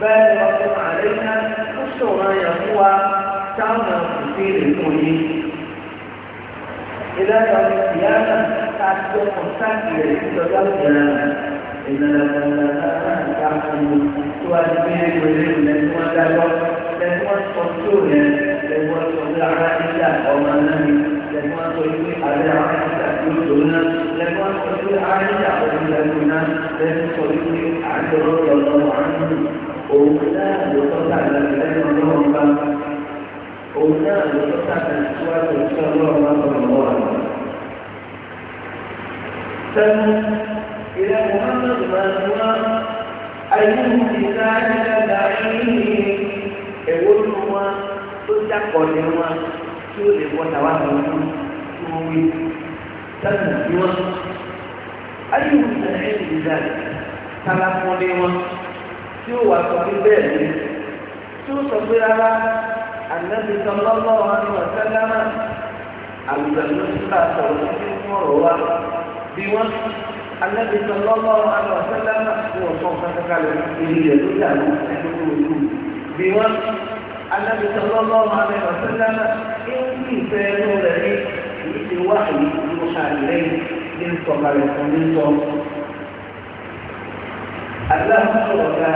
بالغة علينا أسرنا يقوى تعمل كثير الكل إذا كان القيامة تعتبر مستقبل تتجلى إن لم تعمل تواجبين وزين لن تواجبوا لن تواجبوا لن تواجبوا على إله وما نهي لن تواجبوا على إله يدنا لم يكن عن يعبد لنا لم يكن عن رضي الله عنه òun náà ló tọ́ta láti lẹ́nu ọlọ́run bá òun náà ló tọ́ta láti síwájú sí ọlọ́run bá tọ̀nà mọ́ àná. sẹ́nu ìrẹ́ muhammed manuwa ayélujára ti sáré dáadáa yìí èwo tí ó wà sọ pé bẹ́ẹ̀ ni tí ó sọ pé rárá ànábi sọlọ́lọ́ àti wàsálámà àlùbẹ̀lú nígbà sọ̀rọ̀ tí ó mọ̀rọ̀ wá bí wọ́n ànábi sọlọ́lọ́ àti wàsálámà tí wọ́n sọ kankankalẹ̀ ìlú rẹ̀ ló dà ní ẹgbẹ́ olú bí wọ́n ànábi sọlọ́lọ́ àti wàsálámà ń fi ìfẹ́ ẹnu rẹ̀ ní ìṣèwádìí ìlú àlẹ́ ní sọ̀kalẹ̀ fún ní sọ aláàmúṣọ̀ọ̀gá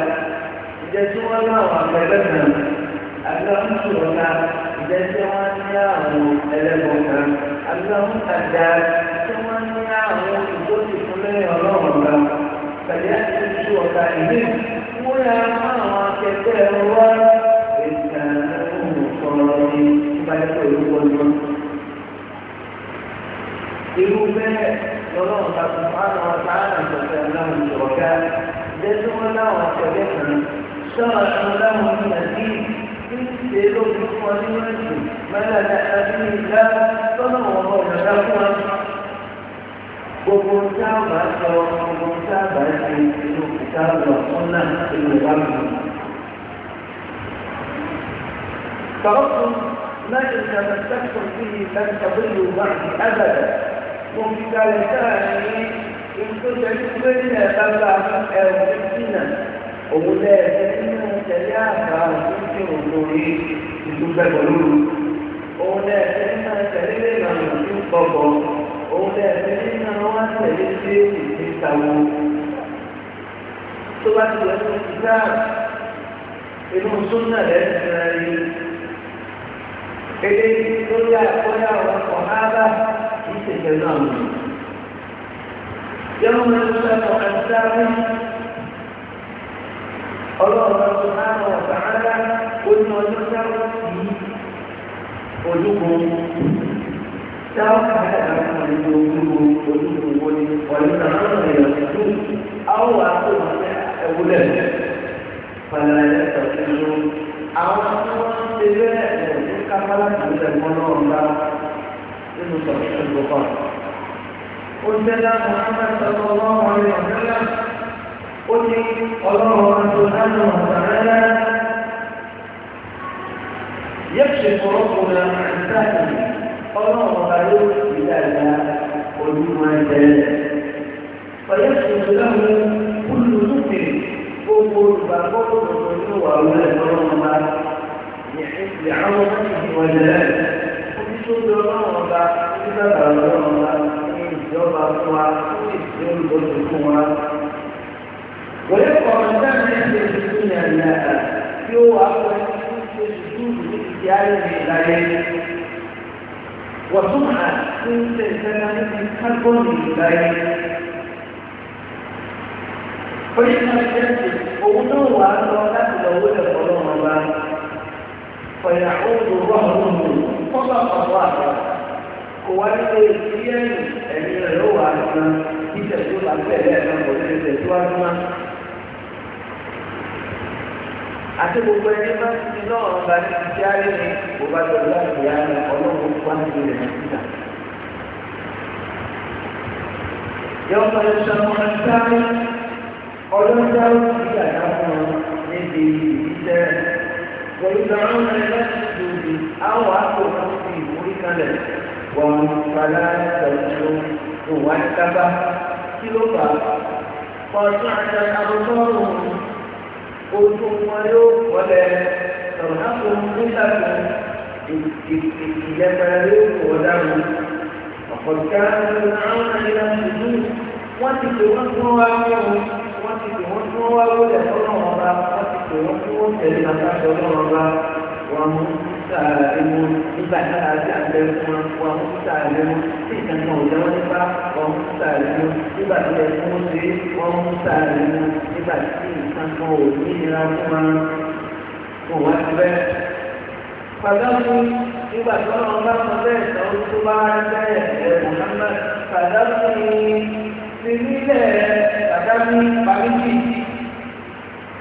ìjẹ́ tí wọ́n láwọn akẹlẹ́gbọ̀n aláàmúṣọ̀ọ̀gá ìjẹ́ tí wọ́n ní àwọn ẹlẹ́gbọ̀n kan aláàmúṣàdá tí wọ́n ní àwọn ìgbóni fún lẹ́yìn ọlọ́run kan pẹ̀lú àtúnṣọ̀ọ̀gá ìlú wọ́n yà àwọn akẹgbẹ́ wa ìgbà ọ̀rọ̀ ní ìbáyọ̀pọ̀ ìlú wọ́n irú bẹ́ẹ̀ lọ́lọ́run ta دلوا له وكذبنا شرعوا لهم من الدين يسألوا بصورهم ما لا تأتي إلا صلى الله عليه وسلم gbogbo tí a bá sọ gbogbo tí a bá ṣe inú ìta lọ fún náà inú ما إن تمسكتم به لن تضلوا بعد أبدا وفي ذلك nítorí ẹni tó gbé nílẹ̀ bàbá ẹ̀rù fífínà òun lẹ̀ ẹ̀fẹ́ nínú tẹ̀lé àgbà òun tí òun lórí ìdúgbẹ́ pẹ̀lú òun lẹ̀ ẹ̀fẹ́ nínú tẹ̀lé ìlànà tó ń bọ̀bọ̀ òun lẹ̀ ẹ̀fẹ́ nínú wọn tẹ̀lé sí ìgbéyàwó tó bá ti lọ sí ìgbà inú súnà lẹ́sìn rẹ̀ eléyìí lórí àkọ́yà ọ̀rọ̀ kọ̀ọ̀hárà kì í ṣe pẹ̀lú àwọn ènìyàn. يوم يسأل عن ذلك الله سبحانه وتعالى قلنا ونذكر في قلوبهم تعرف هذا من قلوبهم قلوبهم ويتعرض الى الحدود او اقول اولاد فلا يستطيعون او اقول كفرت من المنور لا انه صحيح البخاري òṣèlá muhammed sallallahu alayhi wa sallam ó ní ọlọ́run ọ̀dọ́ lánàá ọ̀dàrẹ́rẹ́ yẹ́pṣẹ̀ kọ́rọ́kọ́ rẹ̀ àìsáàkì ọlọ́run ọ̀dà yóò fi dáadáa ojúmọ́ ẹ̀jẹ̀ fọyẹ́sùn ìlànà kúlù lókè gbogbo olùgbàgbọ́ lọ́dọ̀ ní wà wúlẹ̀ lọ́wọ́ ọba ìyàwó ìwọ̀lẹ̀ ojúṣọ́ lọ́wọ́ ọba ní bàbá lọ́wọ́ ọba ìjọba fún wa tí ìlú oṣù fún wa. Wòye kọ̀ọ̀kan náà ní ṣe ìṣúná ìyàrá tí ó wà fún ṣe ìṣúná ní ìdí ayé ní ìlàyé. Wọ́n tún máa ń ṣe ìṣẹ́ná níbi kágbọ́ọ̀nù ìlàyé. Oye náà ṣe ṣe òun náà wà lọ láti lọ wé ẹ̀kọ́ lọ́wọ́ wa. Fọ̀yà ó lò wọ́n lò wọ́n bá pàtó àgbà kò wá ní ṣe sí ẹ̀yìn ẹ̀yìn rẹ̀ yóò wà nínú títẹ̀ tó bá bẹ̀rẹ̀ ẹ̀rọ kò ní tẹ̀ tó wá nínú. àti gbogbo ẹni máa ń ti náà ọba ní ti ayé ni kò bá jọ láti yá ni ọlọ́run wá ní ilẹ̀ nàìjíríà. yọ ọmọ ẹ̀ṣọ́ ọmọ sáré ọlọ́jà ó ti yàrá fún ọ níbi ìdíjẹ́ pẹ̀lú ìdáhùn ẹ̀rọ ìdòdì àwọn àpò náà fi ìwúrí kalẹ̀ wọn fàlà tẹ̀lé ìwà ìkápá kí ló fà á kọ̀ọ̀tún àti àbúkọ́rù ojú wọn yóò wọlé tọ̀nà fún nígbà tó ìyẹ́pẹ̀rẹ̀ yóò wọ̀ dáhùn ọ̀pọ̀lọpọ̀ àwọn ìlànà ìlú wọ́n ti pè wọ́n fún wa lọ́wọ́ wọ́n ti pè wọ́n fún wa lọ́wọ́ ẹ̀fọ́ náà wọ́n bá wọ́n ti pè wọ́n fún wọn tẹ̀lé àtàkùn náà wọ́n bá wọn mú ẹ̀wọ̀n nígbà tí a ti àbẹ̀rẹ̀ fún wọn fún títà ẹ̀wọ̀n tí ìkànnì ọ̀dọ́ nípa wọn fún títà ẹ̀wọ̀n nígbà tí ẹ̀ fún ṣe wọn fún títà nígbà tí ìkànnì ọ̀dọ́ nípa fún wọn wọn ti bẹ́ẹ̀. Fàdámù nígbà tí wọ́n bá sọ bẹ́ẹ̀ sọ́wọ́ tó bá jẹ́ ẹ̀ Mùhàmmad Fàdámù ti nílẹ̀ Fàdámù Pàríjì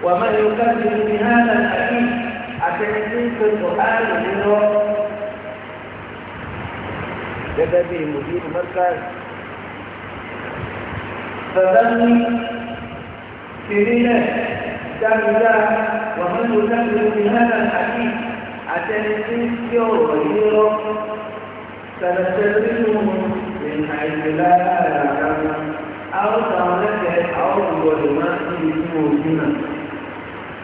wàmẹ́rin kájú ní hánà àdìs àtẹni tí ń pe kòhánù nínú gẹ́gẹ́ bí ìmùdí mọ́sáàsì. Bàbá ní ìrìnlẹ̀ dáadáa wà nínú dáadáa ní hánà àti àtẹni tí ń fi ọ̀rọ̀ nínú sàlẹ̀sẹ̀lẹ̀ nínú ìrìn àìsèlá àràrà. Àwọn àwọn ẹ̀kẹ́ àwọn olùgbọ̀dọ̀ máa ń fi ìlú òfin náà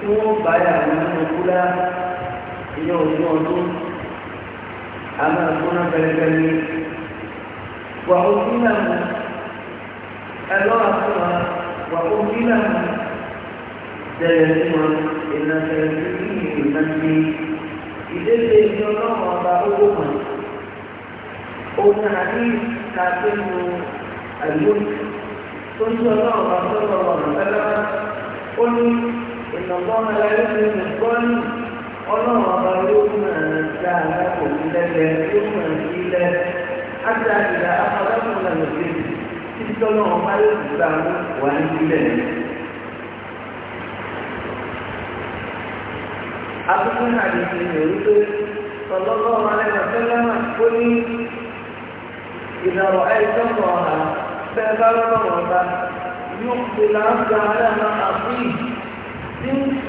tí wọ́n bá yà wọ́n nínú kúlá ìyá òní ọdún àmọ́ ìfúnná pẹlẹpẹlẹ wà ó bí náà mọ́ ẹ lọ́wọ́ fún wa wà ó bí náà mọ́ tẹ̀lé fún wa ìlànà tẹ̀lé fún mi ìlànà mi ìdílé ìjọ náà wọ́n owó mọ́ òun àbí kàtẹ́nu àlùkò tó ń sọ náà wà sọ́dọ̀ wà lọ́sẹ̀lẹ́ ó ní ìṣọ̀gbọ́n la yóò fi mú gbọ́n ọlọ́run ọba yóò máa dá alákòókò lẹ́lẹ̀ yóò máa fi lẹ́ àti àgbà afọlọ́kùnrin lànà sí títí tọ́lọ́ ọba yóò fi gbà wà ní ilẹ̀. Abúlé náà lè fi hàn wípé sallallahu alaihi wasallam ó ní ìdàrọ̀ ẹ̀ẹ́dọ́gbọ̀n ọ̀hà bẹ́ẹ̀ bá lọ́wọ́ ọba yóò fi làásù tí ń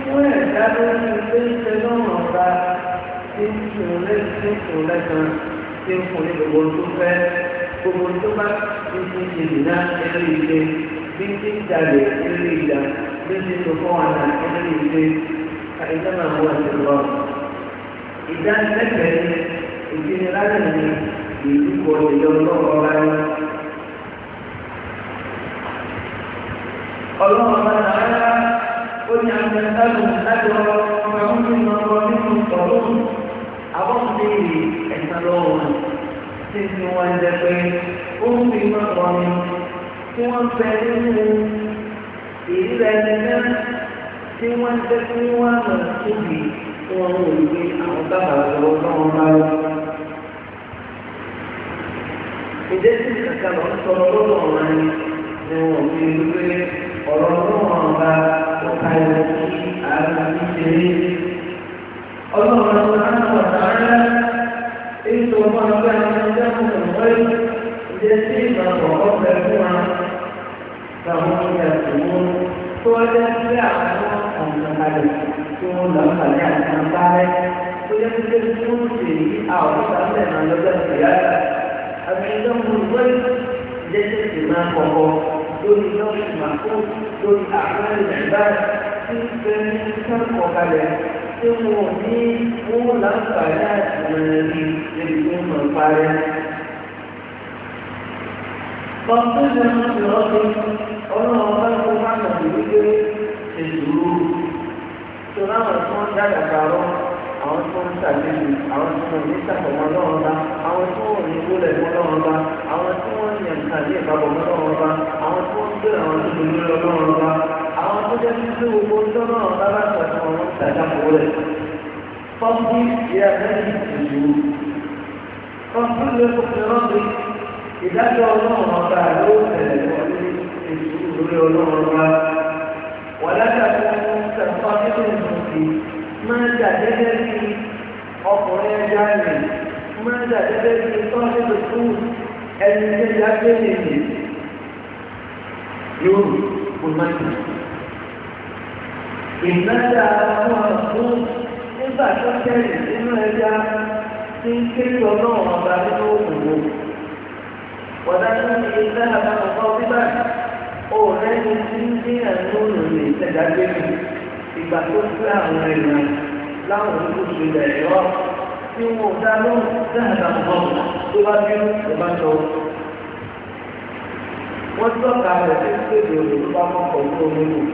fún ẹ̀dá lórí ilé iṣẹ́ lọ́rùn ọ̀gá tí ń sùn lẹ́sàn-án tí ń fún ní gbogbo tó fẹ́ gbogbo tó bá ti ti ṣe nìyá ẹlẹ́ ìṣe bí ti ń jalè ẹlẹ́ ìjà bí ti tó fọ́ àná ẹlẹ́ ìṣe àìsàn náà wọ́n ti lọ. ìdánilẹ́kẹ̀ẹ́ ni ìfiniláyà ni ìlú kò lè lọ lọ́wọ́ láyé. ọlọ́run bá náà قل أن الأبن أدرى فهم من مقامهم قرون أبطي إحسنون سن وندفين هم في مقام توفرهم إذا لنا سوى التقوى مكتوب وهو في أعطاها وطعمها إذا تلك كما صلى الله عليه وسلم ọ̀rọ̀ ọlọ́run ọba ó kalẹ̀ sí àárín ìṣeré ọlọ́run ọba náà wà sáárá èyí tó wọn ọgbà ẹni ọjọ́ ìṣòro wáyé ìjẹ́ sí ìgbàgbọ́ ọ̀fẹ́ fún wa làwọn ọmọ ìyàtọ̀ tó wájú sí àwọn ọ̀nà kalẹ̀ tó ń lọ sàlẹ̀ àti àbárẹ́ tó yẹ kí ṣe tó ń ṣe yí àwọn ìgbàgbọ́ ẹ̀ máa lọ́jọ́ ìṣèyá àmì ìjọba ìwé ìjẹ́ sí ìgbà kọ̀ọ̀kọ̀ lórí lọ́sùn màkó lórí àpẹẹrẹ ìbára tí ń bẹ kalẹ̀ tí wọn ní wọn láǹfààní àti mẹ́rin níbi tó mọ̀ parẹ́. Bọ̀dúnjẹ máa ń lọ sí ọlọ́run ọba tó bá nà wípé èdè òru. Sọ láwọn tí wọ́n dá dàgbà rọ́ọ̀ àwọn tó ń ṣàlejò àwọn tó ń ní ṣàkọmọ lọ́wọ́ bá àwọn tó ń ní wúlẹ̀ mọ́ lọ́wọ́ bá àwọn tó ń yàn kàlí ìpapọ̀ mọ́ lọ́wọ́ bá àwọn tó ń gbé àwọn tó ń lọ lọ́wọ́ bá àwọn tó jẹ́ títí gbogbo ń tọ́nà bá bá ṣàkọmọ wọn ṣàdàpọ̀ rẹ̀. fọ́nbí ìyá mẹ́rin ìṣòro fọ́nbí ló tó fi rọ́ọ̀bì ìdájọ́ ọlọ́run ọba máa ń dà gẹ́gẹ́ bí ọkùnrin ẹja rẹ̀ máa ń dà gẹ́gẹ́ bí tọ́jú tó fún ẹni tẹ́jà pé nìyí yóò kó máa ń ìnáda àwọn àbúrò nígbà tó kẹ́yìn nínú ẹja tí ń ké lọ náà ọba nínú òwò wọ̀dá tó ń ké dáhà bíbá òun ẹni tí ń gbé àánú lè tẹ̀dá gbé mi ìgbà tó fẹ́ àwọn èèyàn láwọn olùkóso ilẹ̀ ẹ̀rọ tí wọn ò dá lóhùn dáadáa mọ́ tó bá bí ó bá jọ. wọ́n tọ́ka rẹ̀ tó kéde olùkọ́ akọ́kọ̀ ní olóko.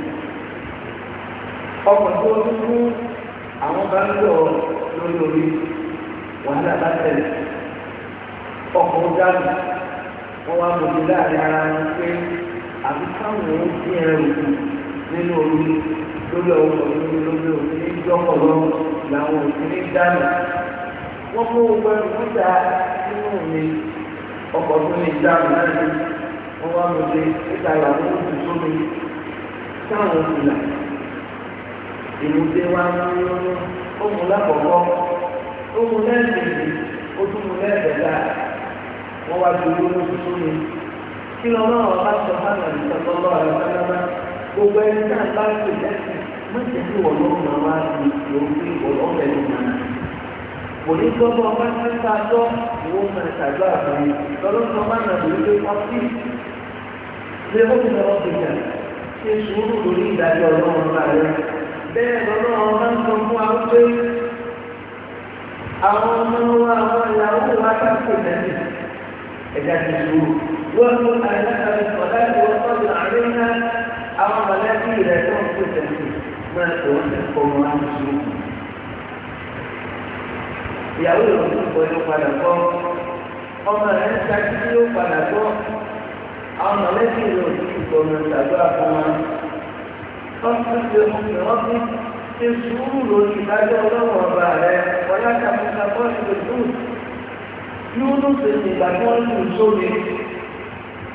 ọkọ̀ tó ń mú àwọn bá ń lọ lórí orí wàhálà bá tẹ̀lé ọkọ̀ ó dáàbò wọ́n wá bòjú láàrin ara wọn pé àbí káwọn ò dín ẹrù nínú orí lórí ọwọ́ lórí lórí òfin ìjọpọ̀ lọ́wọ́ làwọn òfin dánù. wọ́n kó gbogbo ẹrù kúta nínú mi ọkọ̀ tó ní dánù láti wọ́n wá mi lé níta ìyàwó oṣù tó mi sáwọn òfìlà. ìmúdé wa ń lọ́wọ́ ó mú lákọ̀ọ́kọ́ ó mú lẹ́ẹ̀kejì ó tún mú lẹ́ẹ̀kẹta wọ́n wá ju owó oṣù tó mi. kí lọ́wọ́ ọ̀la sọ̀rọ̀ àgbà ìṣàkọ́lọ́ àgbà gbogbo ẹni tá a bá ń pè lẹ́sìn mọ̀tẹ́ tí wọ́n lọ́ máa wá sí lórí ọ̀fẹ́ ní nàá. kò ní gbọ́dọ̀ bá ń sáájọ́ wọ́n máa ṣàjọ́ àbúrò lọ́lọ́sọ máa nà lórí pé pọ́sí. ṣé ó ti lọ́wọ́ ti jà ṣe sùúrù lórí ìdájọ́ ọlọ́run báyọ̀. bẹ́ẹ̀ lọ́lọ́run máa ń sọ fún wa pé àwọn ọmọ wa àwọn ìyàwó wa bá pè lẹ́yìn ẹ̀dá ti sùúrù. wọ́n mú àìlẹ́kàlẹ̀ sọ̀rọ̀ láti wọ́n sọ̀rọ̀ àárín náà àwọn mọ̀lẹ́bí rẹ̀ tó ń pè lẹ́yìn máa tó ń tẹ̀kọ́ wọn á ti ìyàwó yóò tún kọ yóò padà kọ́ ọmọ rẹ̀ ń ta títí yóò padà kọ́ àwọn mọ̀lẹ́bí rẹ̀ ò tí ì kọ́ ọmọ ìgbàgbọ́ àfọwọ́n wọ́n tún fi omi wọ́n fi ṣe sùúrù lórí ìdájọ́ ọlọ́wọ́ ọba rẹ̀ wọlé àtàkùnkà bọ́ọ̀lù lòdù yóò ló ṣe ìgbà tí wọ́n lù sómi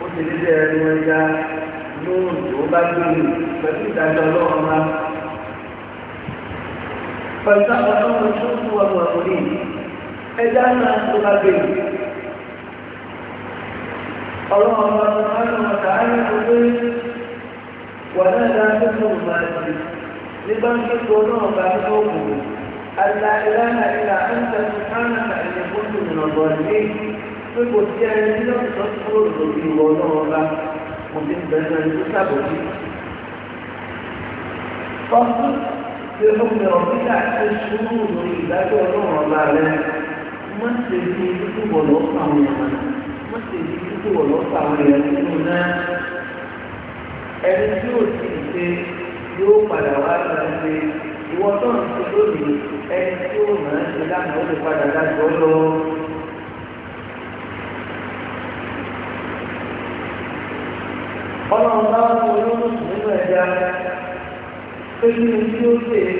ó ti dídẹ̀ ẹni wọn ya yóò lò ó bá gbé pẹ̀lú ìdájọ́ ọlọ́wọ́ ọba. فالتقى أمر الحب والمأمولين اجعلنا تقبل الله سبحانه وتعالى يقول ولا لا تكون مالك لبن تكونوا بعدهم أن لا إله إلا أنت سبحانك إني كنت من الظالمين فقلت يا إلهي تذكر ذكري ونورك ممكن بأن تسبب فاصبر ṣé ó fẹ́ ọ̀gbìn àti sùúrù lórí ìdájọ́ ọlọ́run ọba rẹ̀ wọ́n ṣe di dúdúbọ̀ lọ́pọ̀ àwọn èèyàn wọ́n ṣe di dúdúbọ̀ lọ́pọ̀ àwọn èèyàn nínú náà ẹni tí ó sì ṣe yóò padà wá láti ṣe ìwọ tó ń ṣe lónìí ẹni tí ó máa ń ṣe lánàá ó lè padà dájọ́ lọ. ọlọ́run bá wọn olóòtú nínú ẹ̀dá فجن يوسف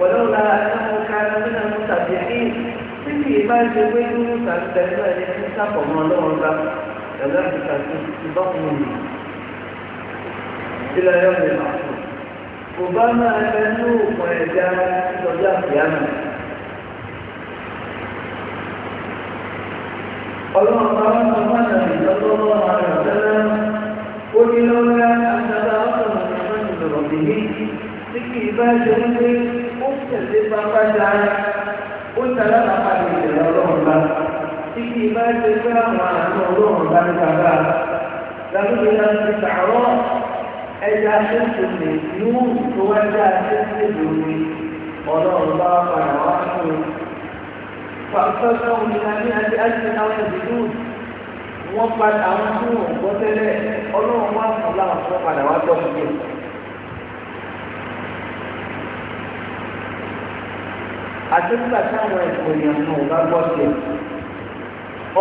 ولولا أنه كان من المتابعين títí ìbáṣe pé kí musa tẹ̀lé ẹni tí sàkọ̀mọ́ ọlọ́run bá ẹ̀rọ ìta tó ti bá fún mi ìlà yọ mi máa fún kò bá máa fẹ́ ní òògùn ẹ̀dá lọ́jọ́ àfíàmù ọlọ́run bá wọn sọ fún àná ìtọ́lọ́wọ́ àwọn ọ̀rẹ́ ó ní lọ́wọ́ àtàlà ọ̀sán ọ̀sán ìrọ̀lẹ́ yìí kì í bá ṣe wípé ó tẹ̀lé bàbá dára ó tẹ̀lé bàbá mi ìjẹ̀lẹ̀ ọlọ́run bá tí kì í bá ṣe pé àwọn àánú ọlọ́run bá ní bàbá lábúlé náà ti sàárọ̀ ẹja tó ti lè yún tó wá dá tó ti lòwe ọlọ́run bá padà wá fún un. Fàtọ́sọ́ òun ni ní àti àti àwọn ìdílù wọ́n padà àwọn tó wọ̀ gbọ́ tẹ́lẹ̀ ọlọ́run wá fún un láwọn tó padà wá tọ́ fún un. àtúntà táwọn ẹ̀kọ́ èèyàn náà ò bá gbọ́ tiẹ̀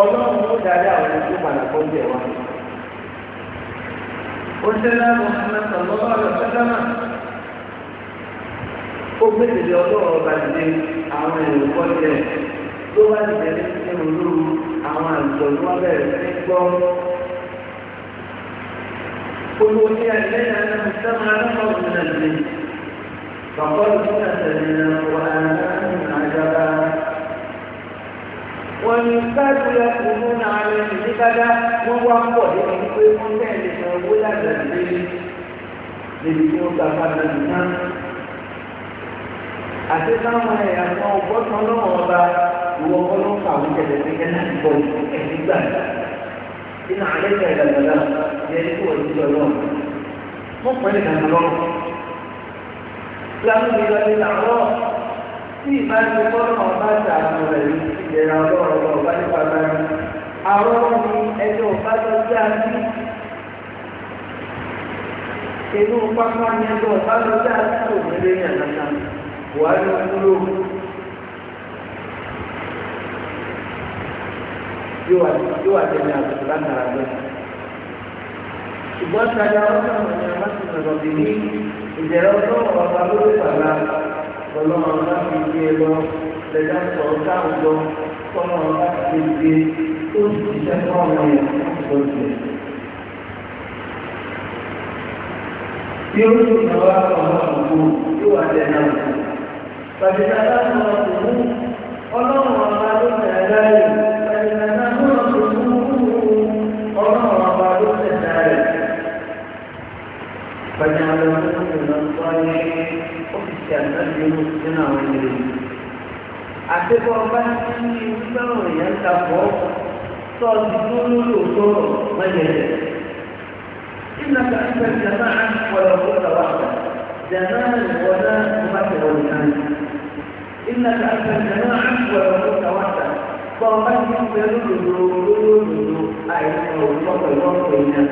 ọlọ́run ló darí àwọn ẹni tó padà bọ́ tiẹ̀ wá. ó ṣẹlẹ̀ Muhammad sallallahu alaihi wasallam ó gbèsè ọlọ́run ọba dìde àwọn èèyàn bọ́ tiẹ̀ tó wá dìde ní olóru àwọn àjọ ló wá bẹ̀rẹ̀ sí gbọ́. olùwòye àti lẹ́yìn àná mi sábà ń bọ̀ فقد سمعنا وآمنا عجبا wọ́n ní gbájú lẹ́kùn múnà alẹ́ ní dada wọ́n wá pọ̀ nínú pé wọ́n bẹ́ẹ̀ lè sọ owó lágbà lé níbi tí wọ́n gbàgbà lẹ́nu yẹ kí wọ́n ti lọ lọ́wọ́. wọ́n pẹ́ lè lan nira ni tawo ti boleh ni ko no ba ta mo le ni orang ra do baca ro ba ni pa ta ni a ro ni e do ba do ti a ni ke no pa ma ni do ba Ibu saya orang yang masih berdiri ìjẹ̀rọ ọlọ́run ọba lórí bàbá ọlọ́run ọba fi gbé e lọ lẹ́jà sọ̀rọ̀ káwọn lọ tọ́nà ọba fi gbé e. ó sì ṣiṣẹ́ fọ́ọ̀mù yẹn lóṣù. bí ó tún ìjọba ọ̀nà ọ̀gbọ́n yóò wá jẹ náà. bàbá ìjọba ọ̀nà ọ̀gbọ́n ọlọ́run ọba ló tẹ̀lé láyé. nínú àwọn ẹni rẹ̀ àtẹ́kọ̀ ọba tí nígbàwọ̀n èèyàn ta pọ̀ tọ́ọ̀dù tó lórí òtọ́rọ̀ mẹ́jẹ̀ẹ́ إنك أنت الجماعة ولا كنت وحدك جمال ولا تمثل لأنت إنك أنت الجماعة ولا كنت وحدك فأمك يقبل الظلول أعرف الله الله بينك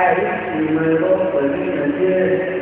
أعرف ما يرضى بين الجهل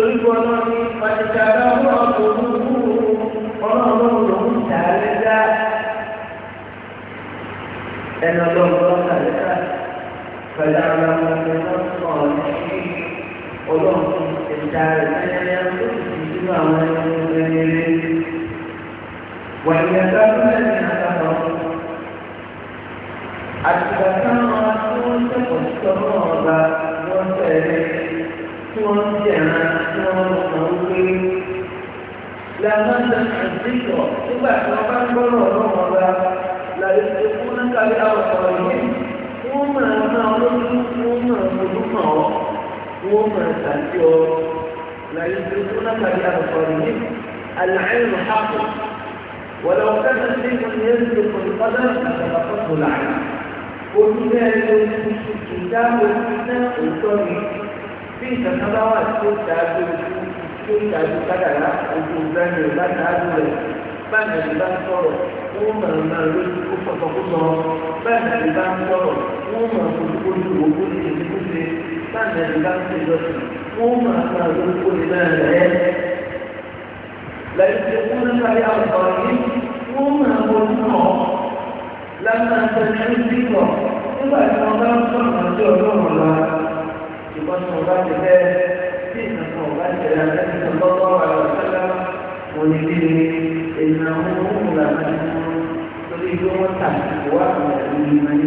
torí wọn náà ní pàṣẹ àbáwọ̀ ọ̀tọ̀ọ̀tọ̀ ọlọ́run lòún tà á lẹ́dá ẹni ọlọ́run lọ́ọ́ tà lẹ́dá pẹ̀lú ara wọn ní wọ́n kàn án sí ọlọ́run ẹ̀dá rẹ̀ lẹ́yẹ̀yẹ́ tó sì sínú àwọn ẹni tẹ̀kọ̀ sí ọlọ́run ọba wọ́n tẹ̀lé tí wọ́n ń jẹ́ ذكرى nígbà tí wọ́n bá ń gbọ́rọ̀ ọlọ́run ọba làyè ṣe fún níkàlẹ́ àwọn ọ̀rọ̀ yìí wọ́n máa máa lójú wọ́n máa fojú kàn ọ́ wọ́n máa tàbí ọ làyè ṣe fún níkàlẹ́ àwọn ọ̀rọ̀ yìí العلم حق ولو كان شيء يسبق القدر لسبقته العلم قلنا الكتاب والسنه والطريق في سنوات كتاب lórí àdúgbàdàrà ojú ìgbàlè látàádù rẹ̀ báyìí àti bá ń sọ̀rọ̀ wọ́n mọ̀ ọ́n náà lójú kó sọ̀tọ̀ kó sọ báyìí àti bá ń sọ̀rọ̀ wọ́n mọ̀ ọ́n fojú kó ní èdè kó ṣe báyìí àti bá ń ṣe lọ́sùn wọ́n mọ̀ ọ́n náà lójú kó ní náà rẹ̀ lẹ́yìn tí wọ́n ń sáré àwọn ọ̀rọ̀ yìí wọ́n mọ̀ ọ́n fojú náà lánàá sẹ́ni ń bí lọ nígbà tí wọ́n bá ń sọ̀rọ̀ إلى النبي صلى الله عليه وسلم ونبيه إنه لمجنون تريد وتهوى من الإيمان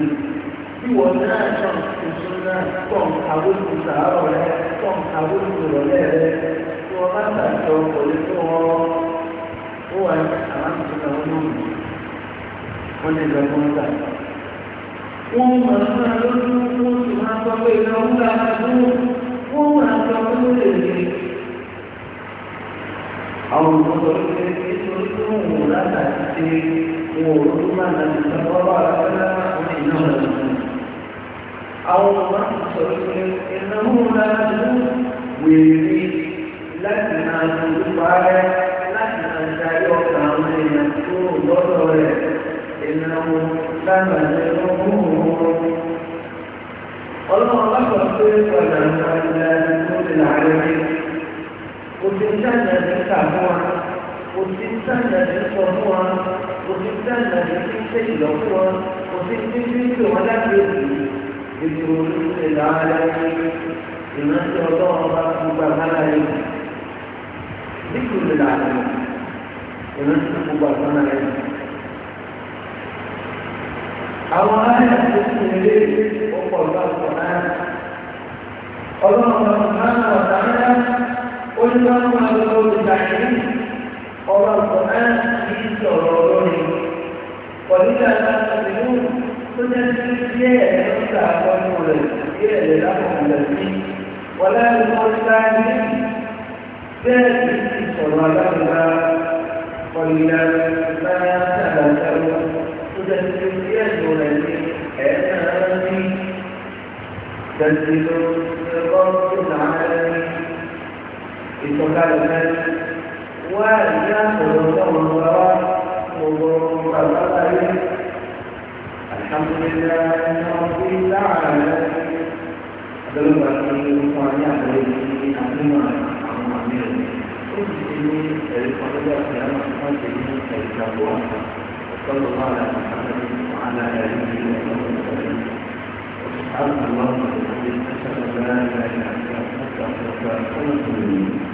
ìwọ náà sàn tuntun náà tọ̀n àbójú sàárọ̀ rẹ tọ̀n àbójú ìrọ̀lẹ́ rẹ tí wọ́n bá tàjọ sọ pé ìnáwó náà lójú wọ́n máa sọ pé ó àwọn olùdókòwò ìṣòro láti ṣe wọn ò tó máa nà nípa ọwọ́ àgbẹ̀lá ìná ọ̀nà àwọn ọmọ ìṣòro pé ìnáwó láti wèrè láti máa dúró parẹ́ láti máa darí ọ̀gá àwọn èèyàn tó lọ́dọ̀ rẹ̀ ìnáwó láti máa lọ́wọ́ ọlọ́run lápapọ̀ pé ọ̀nà àgbàlá ìlú ìlànà òsì sẹ́nà ní kàmúwa òsì sẹ́nà ní sọmúwa òsì sẹ́nà ní fífẹ́ ìlọ́fúwa òsì fífẹ́ ìlọ́wọ́ láti èyí ètò olùsè láàárín ìrántí ọlọ́run bá fún gbàgbá láyé nítorí láàárín ìrántí fún gbàgbá láyé. àwọn aráàlú tó ti lè قل لهم على قول بعيد ọ̀rọ̀ ìkọ̀án kì í ṣe ọ̀rọ̀ lórí pọ̀lítà ìlú tó jẹ́ sí díẹ̀ lọ́sà àkọ́nù rẹ̀ díẹ̀ lè lápapọ̀ rẹ̀ sí wọlé ìmọ̀lá ní bẹ́ẹ̀ kì í sọ̀rọ̀ alágbèbá pọ̀lítà náà ìtọ́kálẹ̀ náà wá ní àkọ́rọ̀ ọlọ́run lọ́wọ́ gbogbo ọgbà látàrí àtàkùnrinlá náà fi láàrín àdọ́lọ́gbà tí wọ́n ní àbẹ̀rẹ̀ ní àdúmọ̀ àwọn àmì rẹ̀ ó sì ti ní ẹ̀rí kan lọ́jọ́ àti àwọn àwọn ti ní ẹ̀rí ìjàmbá wọn وصلى الله على محمد وعلى آله وصحبه وسلم سبحانك اللهم وبحمدك أشهد أن لا إله إلا أنت أستغفرك وأتوب إليك